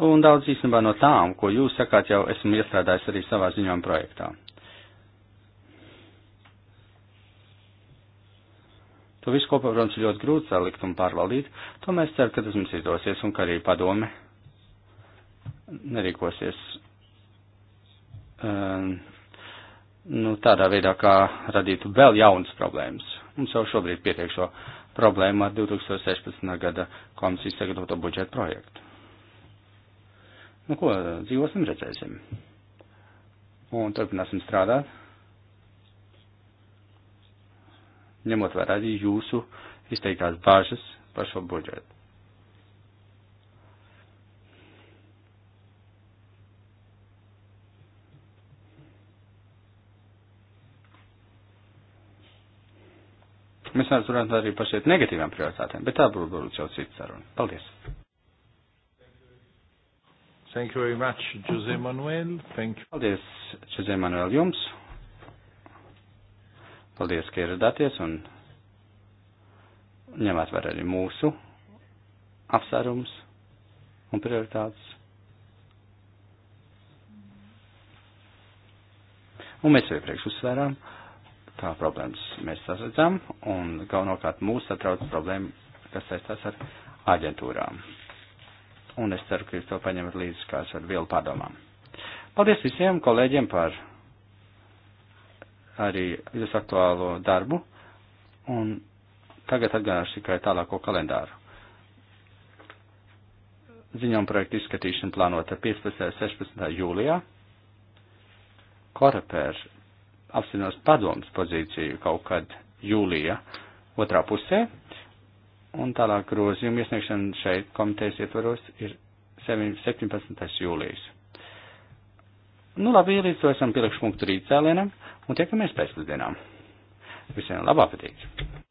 Un daudz īstenībā no tām, ko jūs sakāt, jau esmu iestrādājis arī savā ziņojuma projektā. To visu kopā, protams, ir ļoti grūti salikt un pārvaldīt. To mēs ceram, ka tas mums izdosies un ka arī padome nerīkosies um, nu, tādā veidā, kā radītu vēl jaunas problēmas. Mums jau šobrīd pietiek šo problēmu ar 2016. gada komisijas sagatavoto budžetu projektu. Nu, ko dzīvosim, redzēsim. Un turpināsim strādāt. Ņemot vērā arī jūsu izteiktās bāžas par šo budžetu. Mēs varētu runāt arī par šeit negatīvām prioritātēm, bet tā būtu jau cita saruna. Paldies! Thank you very much, Jose Manuel. Thank you. Paldies, Jose Manuel, jums. Paldies, ka ieradāties un ņemāt vērā arī mūsu apsvērums un prioritātes. Un mēs jau iepriekš uzsvērām, kā problēmas mēs sasredzam, un galvenokārt mūs satrauc problēma, kas saistās ar aģentūrām un es ceru, ka jūs to paņemat līdzi kā ar vielu pārdomām. Paldies visiem kolēģiem par arī visu aktuālo darbu, un tagad atgādāšu tikai tālāko kalendāru. Ziņām projektu izskatīšana plānota 15. un 16. jūlijā. Korapēr apstiprinās padomas pozīciju kaut kad jūlija otrā pusē, Un tālāk grozījuma iesniegšana šeit komitejas ietvaros ir 17. jūlijas. Nu labi, līdz to esam pieliekšu punktu rīt cēlienam un tiekamies pēcpusdienām. Visiem labu apetīti!